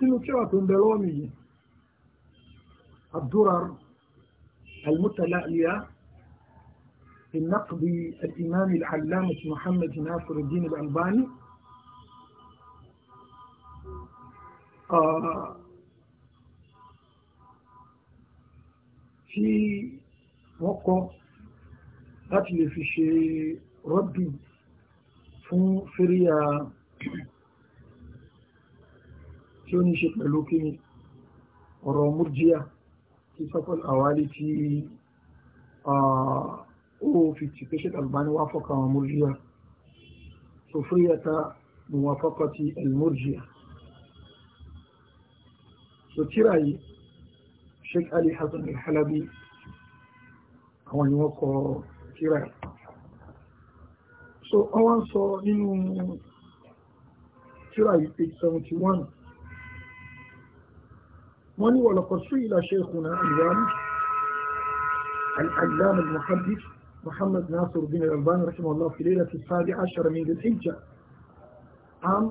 تنو كيوة تندلومي الدرر المتلألية النقد الإمام العلامة محمد ناصر الدين الألباني tí wọ́n kọ́ láti lè fi ṣe rọ́bìn fún fíríà tí ó ní ṣe pẹ̀lú kíni ọ̀rọ̀ múrjíà tí sọ́kọ̀lù àwárí tí ó fi ti pẹ́ṣẹ́ albani wá fọ́kà àwọn múrjíà tó fíríà ta mọ̀wáfọ́kọ̀ ti elmúrjíà sheikh ali hasan al-halabi àwọn ni wọ́n kọ kíra so wọ́n sọ nínú kíra yìí page seventy one wọ́n ní wọ̀lọ̀kọ̀ sí ìlà sheikhuna al-wali al-allama al-muhaddith محمد ناصر بن الألباني رحمه الله في ليلة السابع عشر من ذي الحجة عام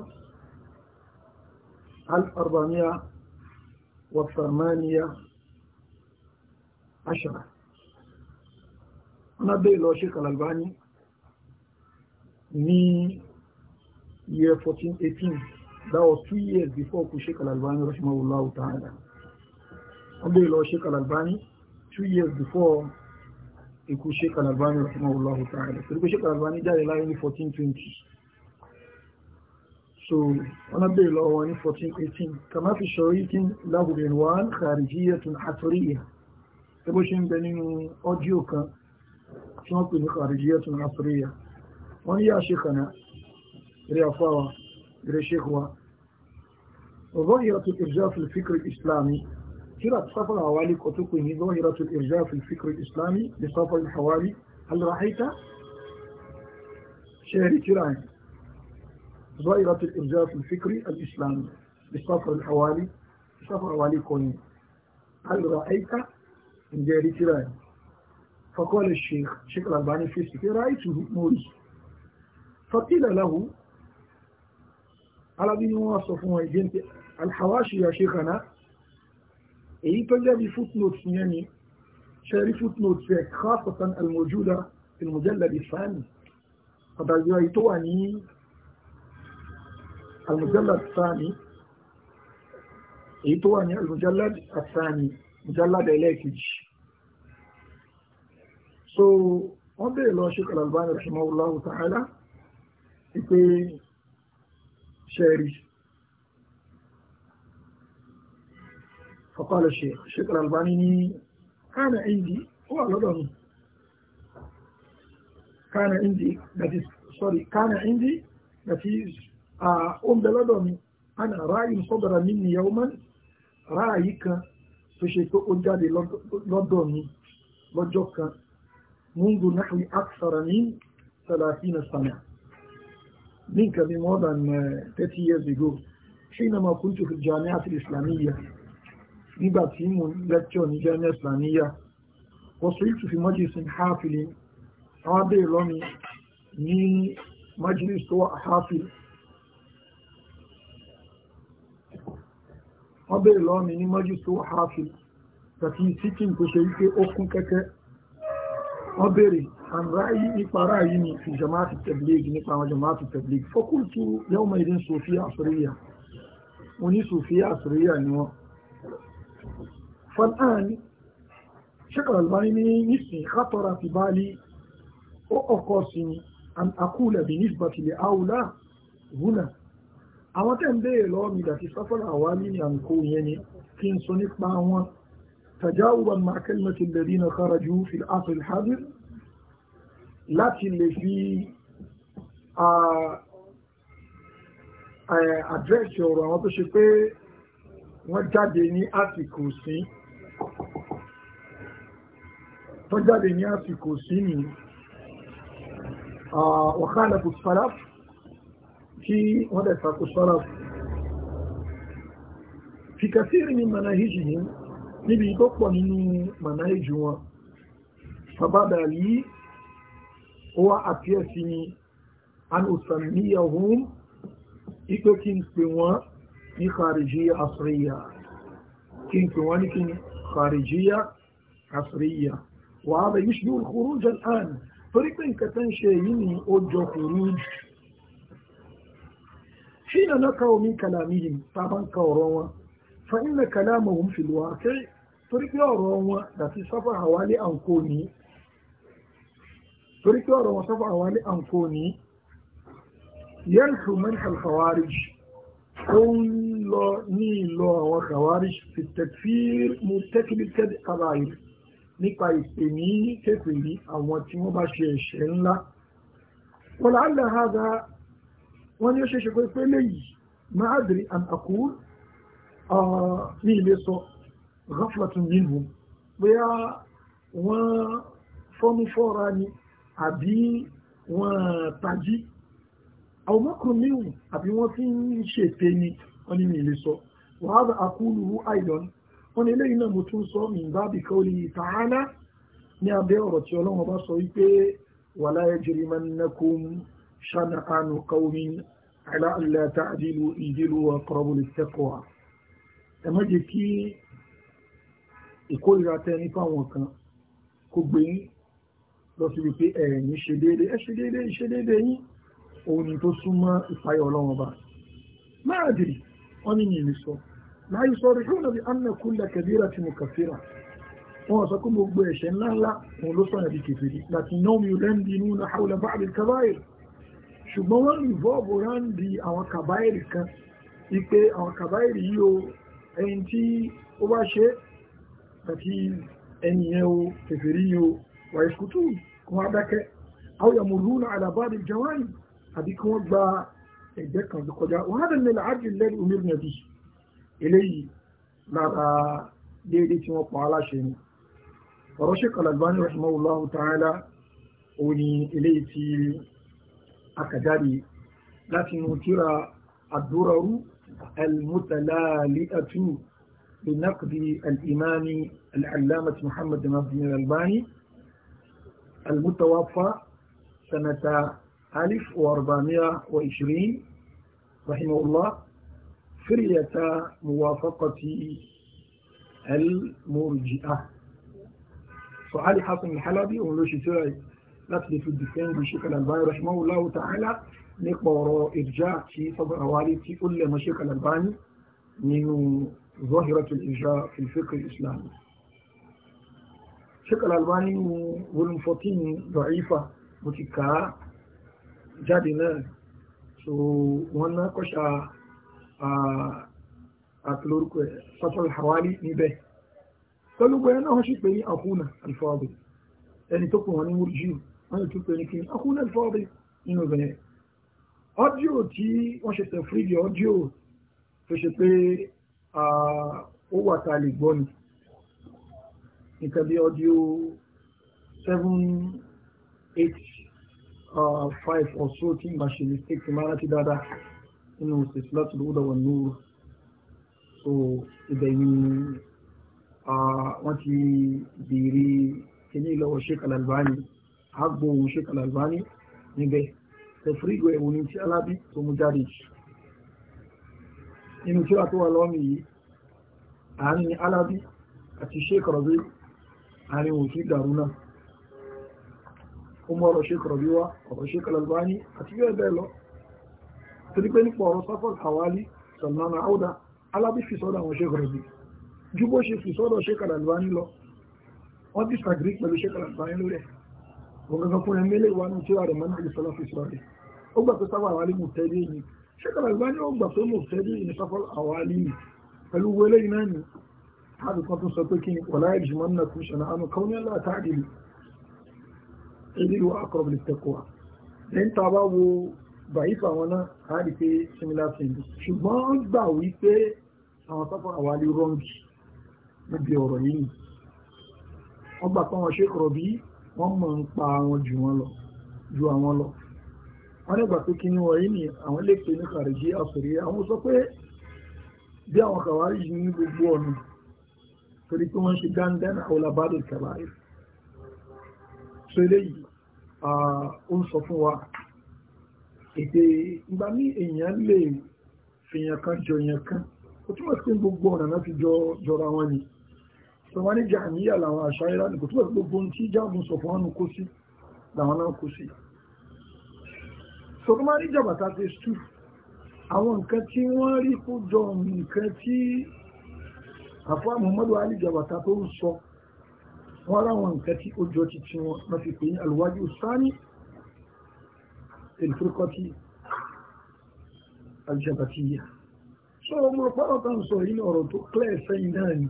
1438 àṣàrà أنا bẹ́ ìlọ ṣe kàlàlbá ní ní year 1418 that was two years before kú ṣe kàlàlbá ní rahimahullahu ta'ala wọ́n bẹ́ ìlọ ṣe kàlàlbá two years before ikú ṣe kàlàlbá ní rahimahullahu ta'ala torípé ṣe kàlàlbá ní jáde láyé ní 1420 so wọ́n bẹ́ ìlọ wọn ní 1418 kàmáfi ṣọ̀rí kí láhùrẹ̀ wọn kharijiyatun athariya bó ṣe ń bẹ nínú ọdíò kan tí wọ́n pè ní yá kànà ظاهرة الإرجاء في الفكر الإسلامي ترى سفر حوالي كتبني ظاهرة الإرجاء في الفكر الإسلامي لسفر الحوالي هل رأيت شهري تراين ظاهرة الإرجاء في الفكر الإسلامي لسفر الحوالي سفر حوالي كوني هل رأيت ǹjẹ́ rí tíra ẹ̀ fọkọ́lẹ̀ sheikh sheikh albani fèsì pé ráìtù mórí fọtílẹ̀ lahu alábí ni wọ́n sọ fún wọn ìdí pé alhawashi ya sheikh ana èyí tó jẹ́ bí footnotes yẹn ni ṣẹ́rí footnotes ẹ̀ káfọ́tàn almojuda ilmujalla di fani pàtàkì ọ̀yí tó wà ní almujalla fani èyí tó wà ní almujalla fani mujallada ẹlẹ́ẹ̀kejì so wọ́n bèèrè lọ ṣe Al-Albani rahimahullahu ta'ala ìpé ṣẹ́rí faqala ṣe Al-Albani ní kánà indi ó wà lọ́dọ̀ mi kánà indi that is sorry kánà indi that is ah, ó ń bẹ lọ́dọ̀ mi ana ra'ayin sadara minni yawman ra'ayi kan tó ṣe pé ó jáde lọ́dọ̀ mi lọ́jọ́ kan mundu nahwi aksara ní salatina sana ní nǹkan bí more than thirty years ago حينما كنت في الجامعة الإسلامية نباتهم لكتور جامعة إسلامية وصلت في مجلس حافل عادي لوني من مجلس حافل wọ́n bèèrè lọ́wọ́ mi ní mọ́jú tó hafi tàbí síkìn tó ṣe wípé ó kún kẹ́kẹ́ wọ́n bèèrè àǹrá yìí nípa ara yìí ni fi jamaatu tabligh nípa àwọn jamaatu tabligh fọ́kùntù yawma idin sòfíà àsòríyà mo ní sòfíà àsòríyà ni wọ́n fọ́nán ṣẹ́kọ̀ọ́ albani ní nísìn àwọn tẹ́ ń béèrè lọ́wọ́ mi dàti sáfọ́nà àwa ní àǹkó yẹn ni kí n sọ nípa wọn tàjáwùbà máa kẹ́lìmọ̀ ti lẹ̀rí na kharaju fi asìl hadir láti lè fi àdírẹ́sì ọ̀rọ̀ àwọn tó ṣe pé wọ́n jáde ní àsìkò sí tó jáde ní àsìkò sí ni wàhálà kò sálàfù tí wọ́n dẹ̀ takò sọ́ra fi kàfíìrì ní manahiji ní níbi tó pọ̀ nínú manahiji wọn fàbádà yìí ó wá àpíẹ̀sí ni anùsàmìyàwó ipé kí n pè wọ́n ní kàrìjíyà asìríyà kí n pè wọ́n ní kí n wà á bẹ̀ yìí ṣe yóò kúrú jẹ́ àn torí pé nǹkan tẹ́ ń ṣe yìí ni ó jọ kúrú jù حين نقرا من كلامهم طبعا كوروا فان كلامهم في الواقع طريق روما ده في صفا حوالي انكوني طريق روما صفا حوالي انكوني يلحو منح الخوارج كل ني لو وخوارج في التكفير متكل القبائل نيكا يستني كيفي او ما تشمو باشي شنلا ولعل هذا wọ́n ní ó ṣe ṣe pé pé léyìí máa dìrí an àkúr ní ilé sọ ghaflatun minhum bóyá wọ́n fọ́nú fọ́ra ni àbí wọ́n tají àwọn mọ́kùnrin mìíràn àbí wọ́n fi ń ṣètè ni wọ́n ní ilé sọ wàhálà àkúlùú àìlọ́n wọ́n ní eléyìí náà mo tún sọ شنعان قوم على أن لا تعدلوا إيدلوا وأقربوا للتقوى ẹmọ́ jẹ́ kí ìkórìíra tẹ nípa àwọn kan kó gbé yín lọ sí wípé ẹ̀yìn ṣe déédéé ẹ ṣe déédéé ṣe déédéé yín òun ni tó súnmọ́ ìpayọ̀ ọlọ́run bá máa dìrì wọ́n ní yìí sọ láyé sọ rí kí nàbí anna kulla kabira tí mo kàfíra wọn sọ pé gbogbo ẹ̀ṣẹ̀ ńláńlá òun ló sọ̀rọ̀ di kèfèrí láti náà mi rẹ́ ń dinú na hawla ba'd al ṣùgbọ́n wọ́n lè vọ́ọ̀bù ráńdì àwọn kàbáìrì kan ipe àwọn kàbáìrì yìí o ẹni tí ó bá ṣe àti ẹni yẹn o kèfèrí yìí o wà ìsùkútù kún adákẹ́ àwọn yàmùrú náà àlàbáàdì jawani àbí kí wọ́n gba ẹgbẹ́ kan tó kọjá wọ́n á dẹ̀nà láàájì lẹ́rù omi rìn bí eléyìí lára déédéé tí wọ́n pa aláṣẹ ni ọ̀rọ̀ ṣe kàlàgbá ní rahimahullahu akàjáde láti inú tíra àdúrọrú almutalaliatu bi naqdi al'imami al'allamat muhammad bin abdul albani المتوفى سنة 1420 رحمه الله فرية موافقة المرجئة فعلي حسن الحلبي ونلوشي تراي قتل في الدفين بشيك الألباني رحمه الله تعالى نقرأ إرجاع في صدر أوالي في كل ما شيك الألباني من ظاهرة الإرجاع في الفقه الإسلامي شيك الألباني والمفاتين ضعيفة متكاء جادنا سو وانا كشا أتلورك سطر الحوالي نبه قالوا بأنه شيك بني أخونا الفاضل يعني تقوم هنمور جيو wọ́n tún pè ní kí akúnlẹ̀ fọ́ọ̀bì nínú obìnrin ọ́díò tí wọ́n ṣe tẹ̀ fúrídì ọ́díò tó ṣe pé ó wà ta lè gbọ́ ni nǹkan bí ọ́díò seven eight five or so tí n bá ṣe mistake ti máa rántí dáadáa nínú òṣèṣì láti lówó dàwọn lóru so ibẹ̀ ni wọ́n ti bèèrè kíní lọ́wọ́ Sheikh al agbóhun Sheikh Al-Albani níbẹ̀ tẹ̀fúrígò ẹ̀wò ní tí alábí tó mú jáde nínú tí wà tó wà lọ́mì yìí àárín ni alábí àti Sheikh Rabi àárín òfin dàrú náà ó mú ọ̀rọ̀ Sheikh Rabi wá ọ̀rọ̀ Sheikh Al-Albani àti bẹ́ẹ̀ bẹ́ẹ̀ lọ torí pé nípa ọ̀rọ̀ Safar Hawali Salman Auda alábí fi sọ́dọ̀ àwọn Sheikh Rabi ju bó ṣe fi sọ́dọ̀ Sheikh Al-Albani lọ wọ́n disagree pẹ̀lú Sheikh Al-Albani lórí ẹ̀ wọn gangan fún ẹmí lè wà ní ìṣẹ́wà rẹ̀ mọ́ ní sọ́lá fíṣọ́ rẹ̀ ó gbà pé sáfà àwálí mú tẹ́lẹ̀ yìí ṣẹ́kọ̀ọ́ ìgbà ní ó gbà pé mú tẹ́lẹ̀ yìí sáfà àwálí yìí pẹ̀lú wẹ́lẹ́ yìí ni láti kan tó sọ pé kí ni wọ̀lá ìjùmọ̀ náà kú ṣọ̀nà àmọ́ kọ́ ní aláàtàdìlì ìdílù akọ̀rọ̀bìlì tẹ́kọ̀ọ́ lẹ́yìn tá a bá wo bàyífà wọn náà á pé similar thing ṣùgbọ́n gbà wí pé àwọn sáfà àwálí rọ́ǹgì níbi ọ̀rọ̀ yìí wọ́n pé àwọn ṣe kọ̀rọ̀ bíi wọ́n mọ̀ ń pa àwọn jù wọn lọ ju àwọn lọ wọ́n dẹ̀gbà pé kí ni wọ́n yìí ni àwọn lè pè ní kàrìjí àfòrí àwọn sọ pé bí àwọn kàwárí yìí ní gbogbo ọ̀nà torí pé wọ́n ṣe gángán àwọn labádé kàwárí so eléyìí ó ń sọ fún wa èdè ìgbà ní èèyàn lè fìyàn kan jọ èèyàn kan ó túmọ̀ sí gbogbo ọ̀nà láti jọra wọn ni tó wọ́n ní jàmíyà làwọn àṣáyírá nìkò tó gbogbo tí jáàmù sọ fún ọ́nù kó sí làwọn náà kó sí so tó máa ní jàbàtà ti stú àwọn nǹkan tí wọ́n rí kó jọ nǹkan tí àfọ́ Muhammadu Ali jàbàtà tó ń sọ wọ́n ráwọn nǹkan tí ó jọ ti tí wọ́n wọ́n fi pè ní alwájú sani ìfúrúkọ́tì aljabatiya so ọmọ pàrọ̀ tó sọ yìí ọ̀rọ̀ tó clear sẹ́yìn náà ni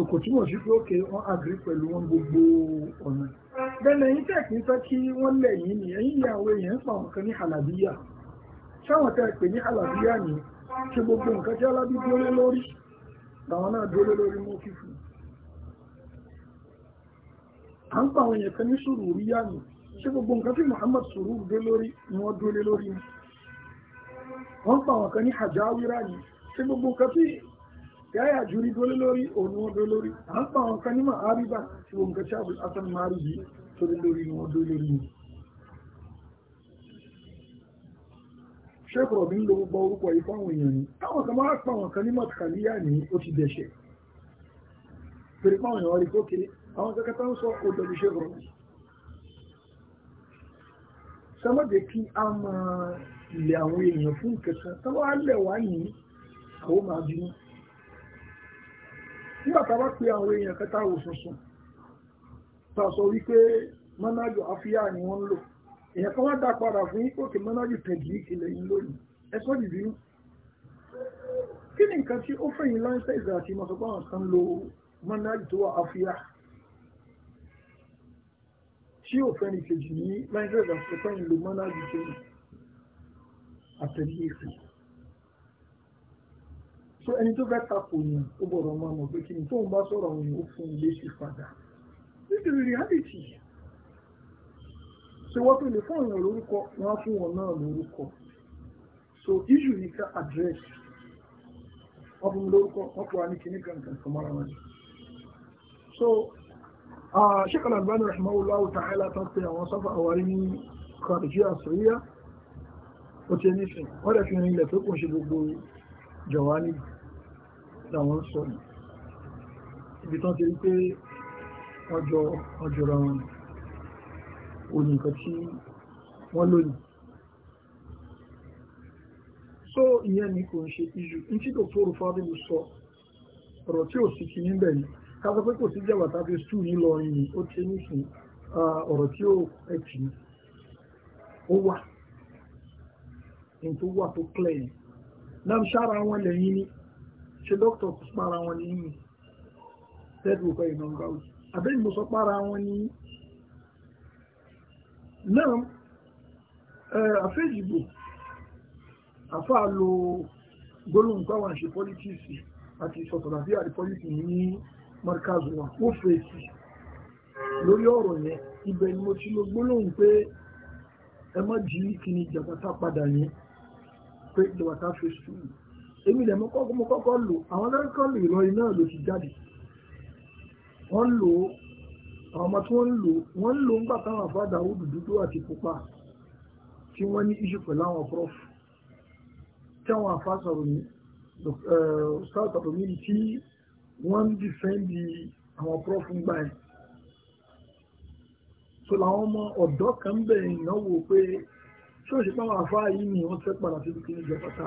so kò túmọ̀ sí pé òkè wọ́n àgbé pẹ̀lú wọn gbogbo ọ̀nà bẹ́ẹ̀ ẹ̀yìn tẹ̀kì ń fẹ́ kí wọ́n lẹ̀ yín ni ẹ̀yìn ìyá àwọn èèyàn ń pa nǹkan ní halabiya sáwọn tẹ́ pè ní halabiya ni ṣe gbogbo nǹkan tí alábí dúró lórí làwọn náà dúró lórí mú fífù à ń pa àwọn èèyàn kan ní sururiya ni ṣe gbogbo nǹkan tí Muhammad Sururi dúró lórí ni wọ́n dúró lórí ni wọ́n pa àwọn kan ní hajawira ni ṣe gbogbo nǹkan tí yáyà jùrí dólé lórí òun wọn dó lórí à ń pa àwọn kan ní màáríbà tí wọn kẹsí àbúl asan márìbí tó dé lórí wọn dó lórí wọn ṣẹ́kọ̀rọ̀ bí ń lo gbogbo orúkọ yìí fáwọn èèyàn ni táwọn kan máa pa àwọn kan ní mọ̀tàkàlíyà ní ó ti dẹ̀ṣẹ̀ pèrè fáwọn èèyàn rí kókè àwọn kankan tó ń sọ ó dọ̀bí ṣẹ́kọ̀rọ̀ bí sọmọdé kí a máa ilẹ̀ àwọn èèyàn fún ìkẹsàn táwọn alẹ̀ wá yìí àwọn máa bínú nígbà tá a bá pe àwọn èèyàn kẹta wò sọ̀sọ̀ tá a sọ wípé mọ́nájù àfíà ni wọ́n ń lò èèyàn kan wá dá padà fún òkè mọ́nájù tẹ̀jì ìkìlẹ̀ yìí lónìí ẹ̀sọ́ dìbínú kí ni nǹkan tí ó fẹ̀yìn láńsẹ̀ ìgbà àti mọ̀sọ̀pọ̀ kan lo mọ́nájù tó wà àfíà tí ò fẹ́ ní kejì ní láńsẹ̀ ìgbà àti mọ̀sọ̀pọ̀ so ẹni tó fẹ́ takò ní ó gbọ́dọ̀ máa mọ̀ pé kí ni tóun bá sọ̀rọ̀ àwọn èèyàn ó fún un léṣe padà nítorí reality ṣe wọ́n tó lè fún àwọn lórúkọ wọ́n fún wọn náà lórúkọ so issue ní ká address wọ́n fún mi lórúkọ wọ́n fún wa ní kíní kankan kan mọ́ra wọn so Sheikh Al-Albani rahimahullahu ta'ala tán pé àwọn sáfà àwárí ní kàdìjíà sọ̀ríyà ó ti ẹni sìn wọ́n dẹ̀ fi rin ilẹ̀ tó kùn ṣe gbogbo jọ̀wá níbi láwọn sọ ibi tán ti rí pé ọjọ́ ọjọ́ra wọn ò ní so ìyẹn ni kò ń ṣe ní tí kò sọ ọ̀rọ̀ tí ò sí kí ni kápẹ́ pé kò sí jẹ́wà tàbí stú ni ó ti ní fún ọ̀rọ̀ tí ó ẹ̀kì ní ó wà ní tó wà tó náà ni ṣe dókítà kò sí para wọn nìyí tẹ́lú ọkọ̀ ìnáwó gáwùsì àbẹ́yìn mo sọ para wọn nìyí náà àfẹ́jìbò àfáà lo gbólóhùn káwọn ṣe pọ́lítíìsì àti ìsọ̀tọ̀lábí àrípọ́lítíì ní markazu wa ó fèsì lórí ọ̀rọ̀ yẹn ibẹ̀ ni mo ti lo gbólóhùn pé ẹ má jí kí ni jàbátá padà yẹn pé jàbátá fèsì èmi lẹ̀ mo kọ́kọ́ lò àwọn lẹ́kọ̀ọ́ lè rọ iná ló ti jáde wọ́n lò ó àwọn ọmọ tí wọ́n ń lò wọ́n ń lò ń gbà táwọn àfáàdà òdù dúdú àti pupa tí wọ́n ní iṣu pẹ̀lú àwọn prof tí àwọn àfáàsọ̀rọ̀ ní south of the tí wọ́n ń dìfẹ́ǹdì àwọn prof ń gbà ẹ̀ so làwọn ọmọ ọ̀dọ́ kan bẹ̀rẹ̀ ìnáwó pé ṣóòṣì táwọn àfáà yìí ni wọ́n fẹ́ padà síbi kí ní jẹ pátá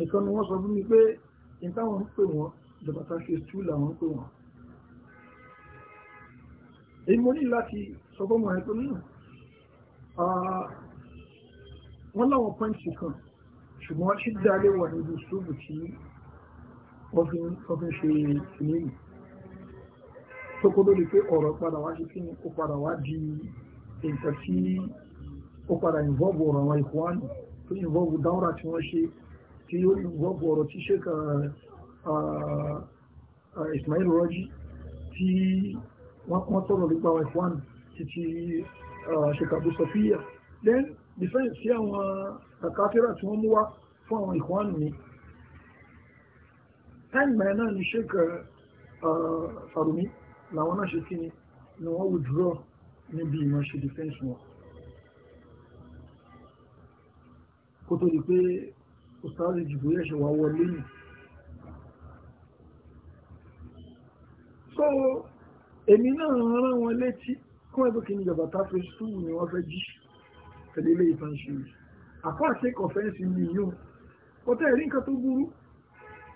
nìkan ni wọ́n sọ fún mi pé ìtàwọn ń pè wọ́n jọbata ṣe tú làwọn ń pè wọ́n èyí mo ní láti sọ fún wọn ẹ̀tọ́ nínú wọ́n láwọn pọ́ǹtì kan ṣùgbọ́n wọ́n ṣì dálé wà níbi ṣóòbù tí wọ́n fi ń ṣe ìléyìí tó kó lórí pé ọ̀rọ̀ padà wá ṣe kí ni ó padà wá di nǹkan tí ó padà involve ọ̀rọ̀ àwọn ìkọ́ àná tó involve dáwọ́ra tí wọ́n ṣe tí ó gbọ́gbọ́ ọ̀rọ̀ tí ṣéka uh, uh, uh, Ismail Raji tí wọ́n tọ̀rọ̀ nípa àwọn títí ṣéka Abu Sofiya then defense sí àwọn kàkàfẹ́rà tí wọ́n mú wá fún àwọn ìfọ́n mi ẹgbẹ́ náà ni ṣéka Farumi làwọn náà ṣe kí ni ni wọ́n withdraw níbi ìmọ̀ ṣe defense wọn kó tó di pé ustazi Jibril ṣe wà wọlé yìí so èmi náà rán wọn létí kún ẹgbẹ́ kí ni ìjọba táfẹ́ sùn ni wọ́n fẹ́ jí pẹ̀lú ilé ìfànṣe àpáàṣe kọfẹ́ǹsì ni yóò ọtẹ́ ẹ̀rí nǹkan tó burú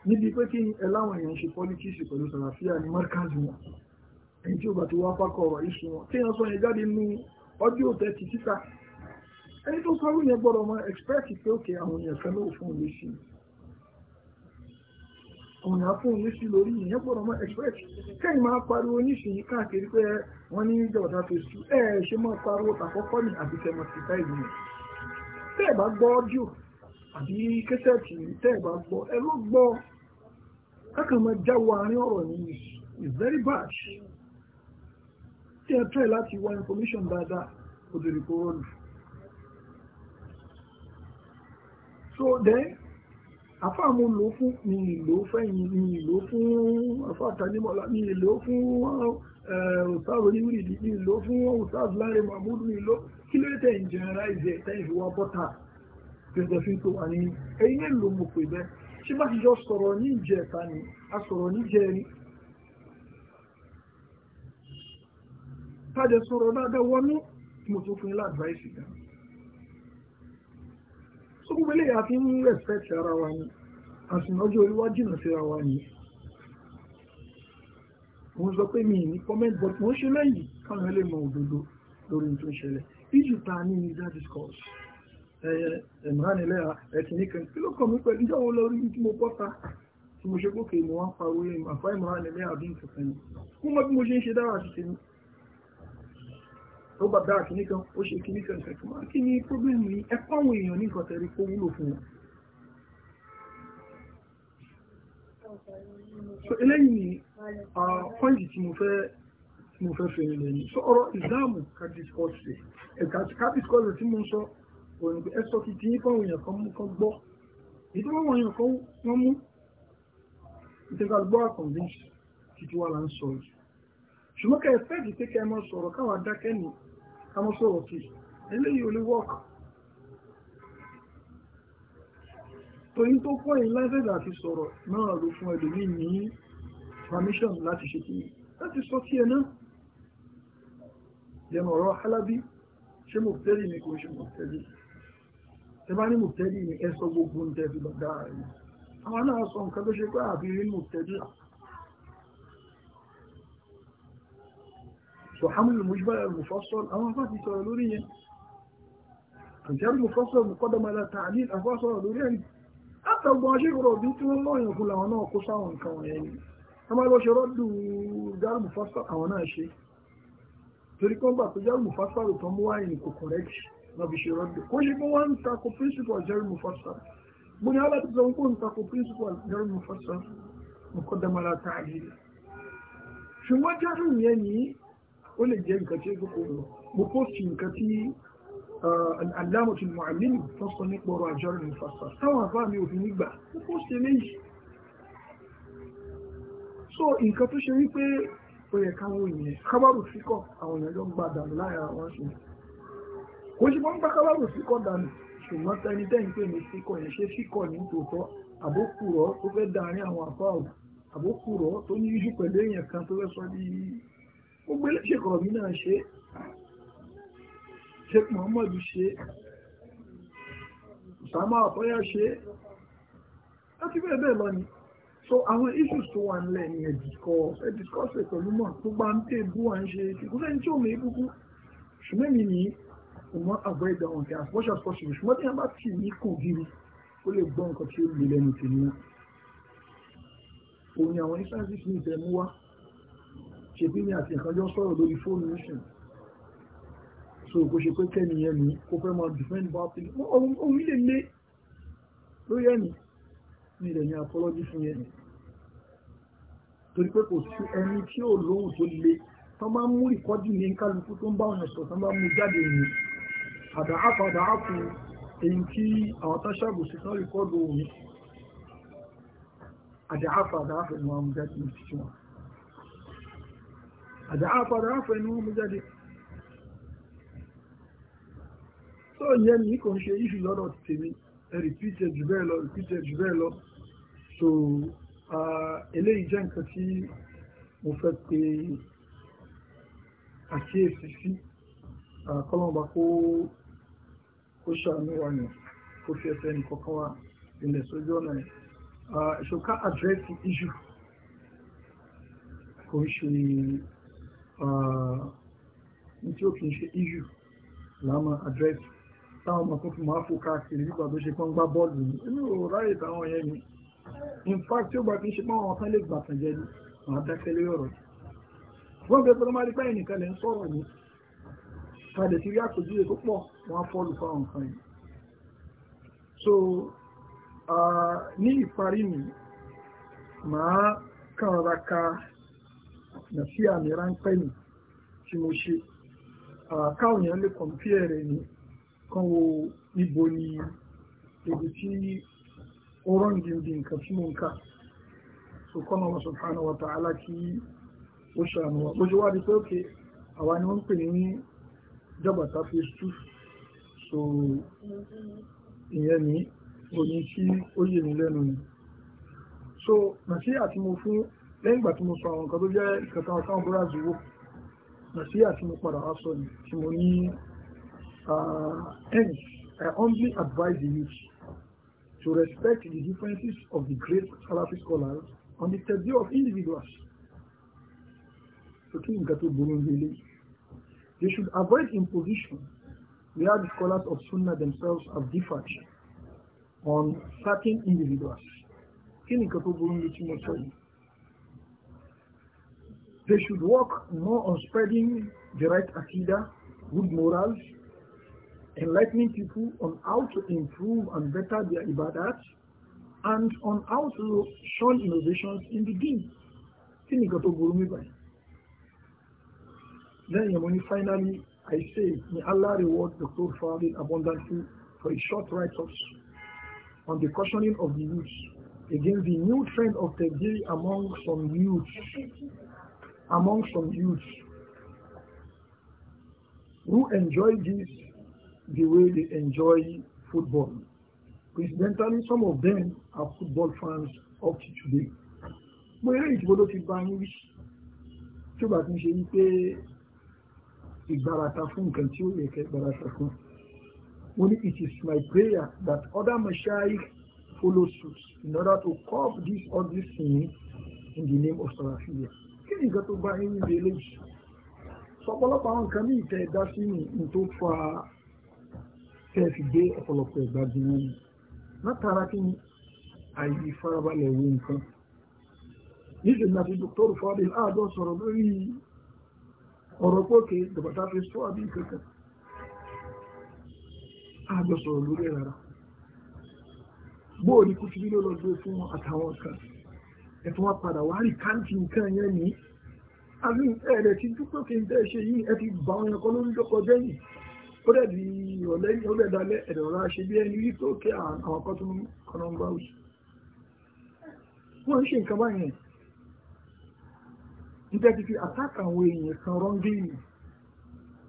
níbi pé kí ẹláwọn èèyàn ṣe pọ́lítíìsì pẹ̀lú sàràfíà ní márkàzì wọn ẹni tí ó bá ti wá pákọ̀ ọ̀rọ̀ ìṣù wọn tí wọ́n sọ yẹn jáde nú ọdún òtẹ́ ti títà ẹni tó sọ wíyẹn gbọ́dọ̀ mọ ẹ̀xpẹ́ẹ̀tì pé òkè àwọn èèyàn kan lóò fún òye sí àwọn èèyàn fún òye sí lórí ìyẹn gbọ́dọ̀ kẹ́yìn máa pariwo káàkiri pé wọ́n ní tó ẹ̀ ṣe máa pariwo ní àbí ìlú tẹ́ ẹ̀ bá gbọ́ ọ́díò àbí kẹ́sẹ̀tì tẹ́ ẹ̀ so then àfáà mo lò fún mi ìlò fẹ́yìn mi ìlò fún àfáà tanímọ̀lá mi ìlò fún ọ̀sáàrò oníwìrìdì mi ìlò fún ọ̀sáàrò láre mahmood mi ìlò kí ló tẹ̀ ń jẹun ráìzì ẹ̀ tẹ́yìn fi wá bọ́tà gẹ́gẹ́ fi tó wà ní ẹ̀yìn èlò mo pè bẹ́ẹ̀ ṣé bá ti jọ sọ̀rọ̀ ní ìjẹta ni a sọ̀rọ̀ ní jẹrin tàdé sọ̀rọ̀ dáadáa wọnú mo tún fún yín láàdváìsì gan gbogbo eléyà fi ń respect ara wa ni àsìnà ọjọ́ orí wa jìnnà síra wa ni mo sọ pé mi ní comment but mo ń ṣe lẹ́yìn káwọn ẹlẹ́ mọ òdodo lórí tó ń ṣẹlẹ̀ ijù ta ní ní that discourse ẹ̀mìrán ilẹ̀ ẹ̀kìnní kan kí ló kọ̀ mí pẹ̀lú ìjọ́ wọn lórí tí mo bọ́ta tí mo ṣe gòkè mo wá ń pariwo àfáìmọ̀rán ilẹ̀ àbí nǹkan kan ni mo mọ bí mo ṣe ń ṣe dára àti tèmi ó bàbá àkíní kan ó ṣe kíní kan ṣẹ̀kùn máa kí ni pọ́blẹ́mù yìí ẹ kọ́ àwọn èèyàn ní nǹkan tẹ̀rí kó wúlò fún wọn. so eléyìí ni pọ́ǹtì tí mo fẹ́ fẹ́ fèrè lẹ́yìn so ọ̀rọ̀ ìsìláàmù ká discuss rẹ̀ ẹ̀ka ká discuss rẹ̀ tí mo ń sọ òyìn pé ẹ sọ ti ti kọ́ àwọn èèyàn kan mú kan gbọ́ èyí tó wọ́n èèyàn kan wọ́n mú ìtẹ́gbàgbọ́ àkànvince títí wà là ṣùgbọ́n kẹ́ ẹ pé kẹ́ sọ̀rọ̀ káwọn adákẹ́ nìyí ká mọ́ sọ̀rọ̀ sí eléyìí ò lè wọ́ọ̀kù torí tó kọ́ èyí láìsẹ̀dà àti sọ̀rọ̀ náà ló fún ẹlòmíì ní permission láti ṣe kí láti sọ sí ẹ náà lẹ́nu ọ̀rọ̀ alábí ṣé mo tẹ́lì ní kò ṣe mo tẹ́lì ẹ bá ní mo tẹ́lì ní ẹ sọ gbogbo ń tẹ́lì lọ́dà rẹ̀ àwọn náà sọ nǹkan tó ṣe pé àbí rí mo tẹ́lì so hamlin mujmal al-mufassal àwọn afá ti sọ̀rọ̀ lórí yẹn àti al-mufassal muqaddam ala ta'lil afá sọ̀rọ̀ lórí ẹni látọ̀gbọ́n aṣẹ́kọ̀rọ̀ bí tí wọ́n lọ́yìn fún làwọn náà kó sáwọn nǹkan wọ̀nyẹn ni wọ́n máa lọ ṣe rọ́dù járùmù fásitọ̀ àwọn náà ṣe torí kan gbà pé járùmù fásitọ̀ tó mú wáyé ní kò kọ̀rẹ́kì náà fi ṣe rọ́dù kó ṣe pé wọ́n ń takò píríncípọ̀ járùmù fásitọ̀ mo ní aláti sọ pé ń takò píríncípọ̀ járùmù fásitọ̀ mo kọ́ dẹ́mọ́ra táàgì ṣùgbọ́n járùmù yẹn ní ó lè jẹ́ nǹkan tí ó kókó lọ mo pósì nǹkan tí alámọ̀tún mọ̀álìmù tọ́sọ nípa ọ̀rọ̀ àjọrin ìfàṣà táwọn àbá mi ò fi nígbà mo pósì eléyìí so nǹkan tó ṣe wípé ó yẹ káwọn ènìyàn kábàrù síkọ̀ àwọn èèyàn ló ń gba dànù láàrin àwọn ṣe kò ṣe wọ́n ń gba kábàrù síkọ̀ dànù ṣùgbọ́n tẹni tẹ́yìn pé mi síkọ̀ yẹn ṣe síkọ̀ ní tòótọ́ àbókùrọ̀ tó fẹ́ dàárín àwọn àfáà àbókùrọ̀ tó ní iṣu pẹ̀lú èèyàn kan tó fẹ́ sọ bí gbogbo eléṣẹ́ kọ̀rọ̀ mi náà ṣe Sheikh Muhammad ṣe Usama àtọ́yà ṣe láti bẹ́ẹ̀ bẹ́ẹ̀ lọ ni so àwọn issues tó wà nílẹ̀ ni ẹ discuss ẹ discuss ẹ pẹ̀lú mọ̀ tó bá ń tẹ̀ bú à ń ṣe ìkú lẹ́yìn tí ò mẹ́ kúkú ṣùgbọ́n mi ní ọmọ àgbọ̀ ẹ̀dá wọn kí as much as possible ṣùgbọ́n tí wọ́n bá ṣebí ní àti ìkanjọ́ sọ̀rọ̀ lórí fóònù nation so kò ṣe pé kẹ́ni yẹn ni kò fẹ́ máa defend batil ohun ilé lé lórí ẹni ní ilẹ̀ ní apology fún yẹn torí pé kò sí ẹni tí ò lóhùn tó le tán bá mú ìkọ́jú ní kálukú tó ń bá ọ̀nà sọ tán bá mú jáde ní àdáhàpadà ápù èyí tí àwọn tó ṣàbòsí tán rìkọ́dù òun àdáhàpadà ápù ni wọn mú jáde ní títí wọn àdáhà padà áfẹ́ ni wọ́n mú jáde tó yẹ ní kò ń ṣe iṣu lọ́dọ̀ tèmi repeated jù bẹ́ẹ̀ lọ repeated jù bẹ́ẹ̀ lọ so eléyìí jẹ́ nǹkan tí mo fẹ́ pe àkíyèsí sí kọ́lọ́mọba kó ṣàánú wa yàn kó fi ẹsẹ̀ nìkọ̀kan wa ilẹ̀ sójú ọ̀nà yẹn ìṣòká àdírẹ́sì iṣu kò ń ṣe tí ó kìí ṣe iṣu láàmà àdírẹ́sì táwọn ọmọ tó fi máa fò káàkiri nígbà tó ṣe kán gbá bọ́ọ̀lù ní inú ò ráyè táwọn yẹn aí in fact eu bati gbà kí n ṣe pọ́n àwọn kan lè gbà tàn jẹ ní màá dákẹ́ lé ọ̀rọ̀ wọ́n bẹ só máa rí pẹ́yìn nìkan lè ń sọ̀rọ̀ ní kalẹ̀ sí rí àpèjúwe tó pọ̀ wọ́n á fọ́ọ̀lù mas nǹkan yìí so ah, nàfí àmì ráńpẹ́ nì tí mo ṣe káwọn èèyàn lè kọ̀m̀pìẹ̀ rẹ̀ ní kan wo ibo ni ibi tí ó rán gidi nǹkan tí mo ń kà so kọ́nà wọn subhanahu wa ta'ala kí ó ṣàánú wa bójú wá di pé òkè àwa ni wọ́n ń pè ní jabata phase two so ìyẹn ni òní tí ó yè mí lẹ́nu ni so nàfí àti mo fún lẹ́yìn ìgbà tí mo sọ àwọn nǹkan tó jẹ́ ìkẹta ọ̀sán mo padà ni tí mo ní I only advise the youth to respect the differences of the great Salafi scholars on the table of individuals. So kí nǹkan tó burú nílé? They should avoid imposition where the scholars of Sunna themselves have differed on certain individuals. Kí nǹkan tó burú nílé tí mo sọ yìí? They should work more on spreading the right akida, good morals, enlightening people on how to improve and better their ibadat, and on how to show innovations in the deen. Then when finally I say, may Allah reward Dr. Fadil abundantly for his short write-ups on the cautioning of the youth against the new trend of the day among some youth among some youths who enjoy this the way they enjoy football. Coincidentally, some of them are football fans up to today. Mo eré ìdìbò ti gba yín tí ó bá ti ń ṣe wípé ìgbàràta fún nǹkan tí ó yẹ kẹ́ ìgbàràta fún. Mo ní it is my prayer that other mashayikh follow suit in order to curb this ugly this in the name of Salafiyah. kí ni nǹkan tó bá yín níbi eléyìí sọpọlọpọ àwọn nǹkan ní ìtẹ ẹ̀dá sí ní tó fa tẹẹsì gbé ọ̀pọ̀lọpọ̀ ẹgbà jùlọ ni látara kí ni àyè ìfarabalẹ̀ wo nǹkan níṣẹ́ ní àti dr fadil sọ̀rọ̀ lórí ọ̀rọ̀ pókè dọ̀bàtà fi àbí kankan sọ̀rọ̀ lórí rárá fún àtàwọn kan. ẹ̀tún wọn padà wá rí káńtì nǹkan yẹn ní àbí ẹ̀rẹ̀ tí dúpọ̀ kí n tẹ́ ṣe yìí ẹ ti bá wọn kọ́ lórí lọ́kọ̀ jẹ́yìn ó dẹ̀ di ìrọ̀lẹ́ ó dẹ̀ dalẹ̀ ẹ̀rẹ̀ ọ̀rọ̀ àṣẹ bí ẹni rí tó kí àwọn kan tún kọ́nà ń bá wù. wọ́n ń ṣe nǹkan báyẹn níta ti fi àtàkà àwọn èèyàn kan rọ́ngìlì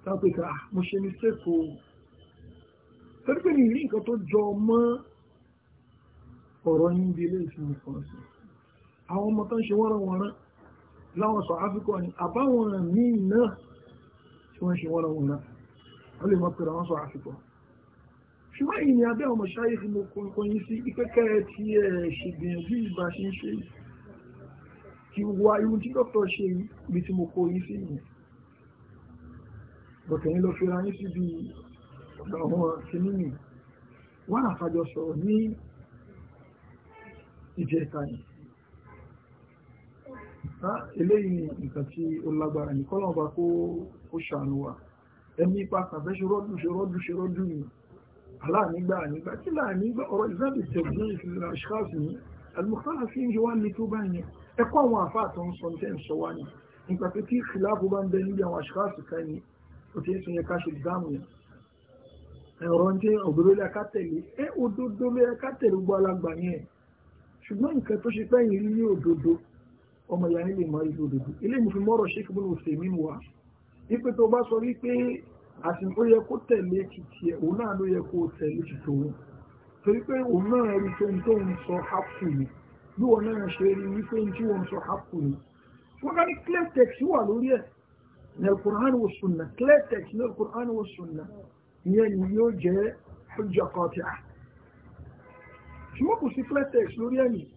táwọn ah, mo ṣe ní sẹ́kọ̀ọ́ torí pé mi rí nǹkan tó jọ mọ́ ọ̀rọ̀ yín bí ilé ìsinmi kan sí i àwọn ọmọ tó ń ṣe wọ́rọ̀wọ́rán láwọn sọ áfíkọ ni àbáwọn míì náà tí wọ́n ṣe wọ́rọ̀wọ́rán wọ́n lè mọ̀ pé àwọn sọ áfíkọ ṣùgbọ́n ìní abẹ́ ọmọ ṣáyé fi mo kọyìn sí ìpẹ́kẹ́ tí ẹ ṣègbìyànjú ìgbà ṣe ń ṣe kí wá irú tí dọ́kítọ̀ eléyìí ni nǹkan tí ó lágbára ní kọ́lọ̀ ọba kó ó ṣàánú wa ẹni ipa kàfẹ́ ṣe rọ́dù ṣe rọ́dù ṣe rọ́dù ni aláànígbà nígbà tí láànígbà ọ̀rọ̀ ìsáàbì tẹ̀gbọ́n ìfìlà ṣáàfì ní àlùmọ́kàlà fi ń ṣe wá ní tó báyìí ẹ̀kọ́ àwọn àfáà tó ń sọ ní tẹ́ ń sọ wá ni nípa pé kí òdòdó lé akátẹ̀lé gbọ́ alágbà yẹn ṣùgbọ́n nǹkan tó ṣe pẹ́yìn rí ní òdòdó ọmọ ìyá nílé mọ́ ìlú òdòdó ilé ìmúfin mọ́rọ̀ ṣe fún òsè mímu wa wípé tó bá sọ wípé àsìn ó yẹ kó tẹ̀lé títí ẹ̀ òun náà ló yẹ kó tẹ̀lé títí òun torí pé òun náà rí tó ń tó ń sọ hápù ni bí wọn náà ṣe rí wípé tí wọn sọ hápù ni wọn ká ní clear text wà lórí ẹ̀ ní alukur'an wa sunna clear text ní alukur'an wa sunna ìyẹn ni yóò jẹ́ hujja qati'ah ṣùgbọ́n kò sí clear text lórí ẹ̀ nìyí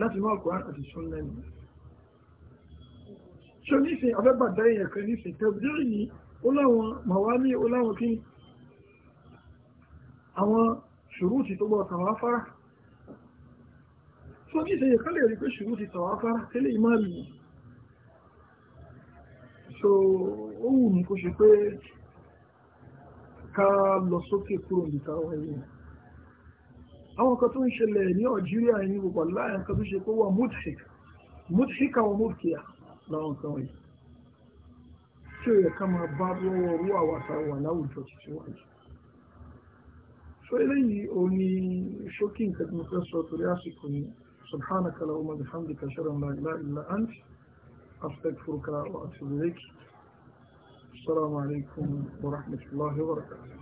láti mọ́ Al-Qur'an àti Sunnah ni ṣe nísìn afẹ́bàdá èèyàn kan nísìn tẹ̀bílì ní ó láwọn màwálí ó láwọn kí àwọn ṣùrútì tó gbọ́ tàwọn afárá so ní ìṣẹ́yẹ̀ kálẹ̀ rí pé ṣùrútì tàwọn afárá tẹ́lẹ̀ ìmáàlì so ó wù mí kó ṣe pé ká lọ sókè kúrò nìta wáyé أو كتون شلاني أو جريا يعني بقول لا يعني كتون شيء هو مضحك مضحك أو مركيا لا أنتوي شو يا كم باب لو روا وسا ولا وجو شو أي شو إلي أني شو كين كتون كسر ترياسي كوني سبحانك اللهم بحمدك أشهد أن لا إله إلا أنت أستغفرك وأتوب إليك السلام عليكم ورحمة الله وبركاته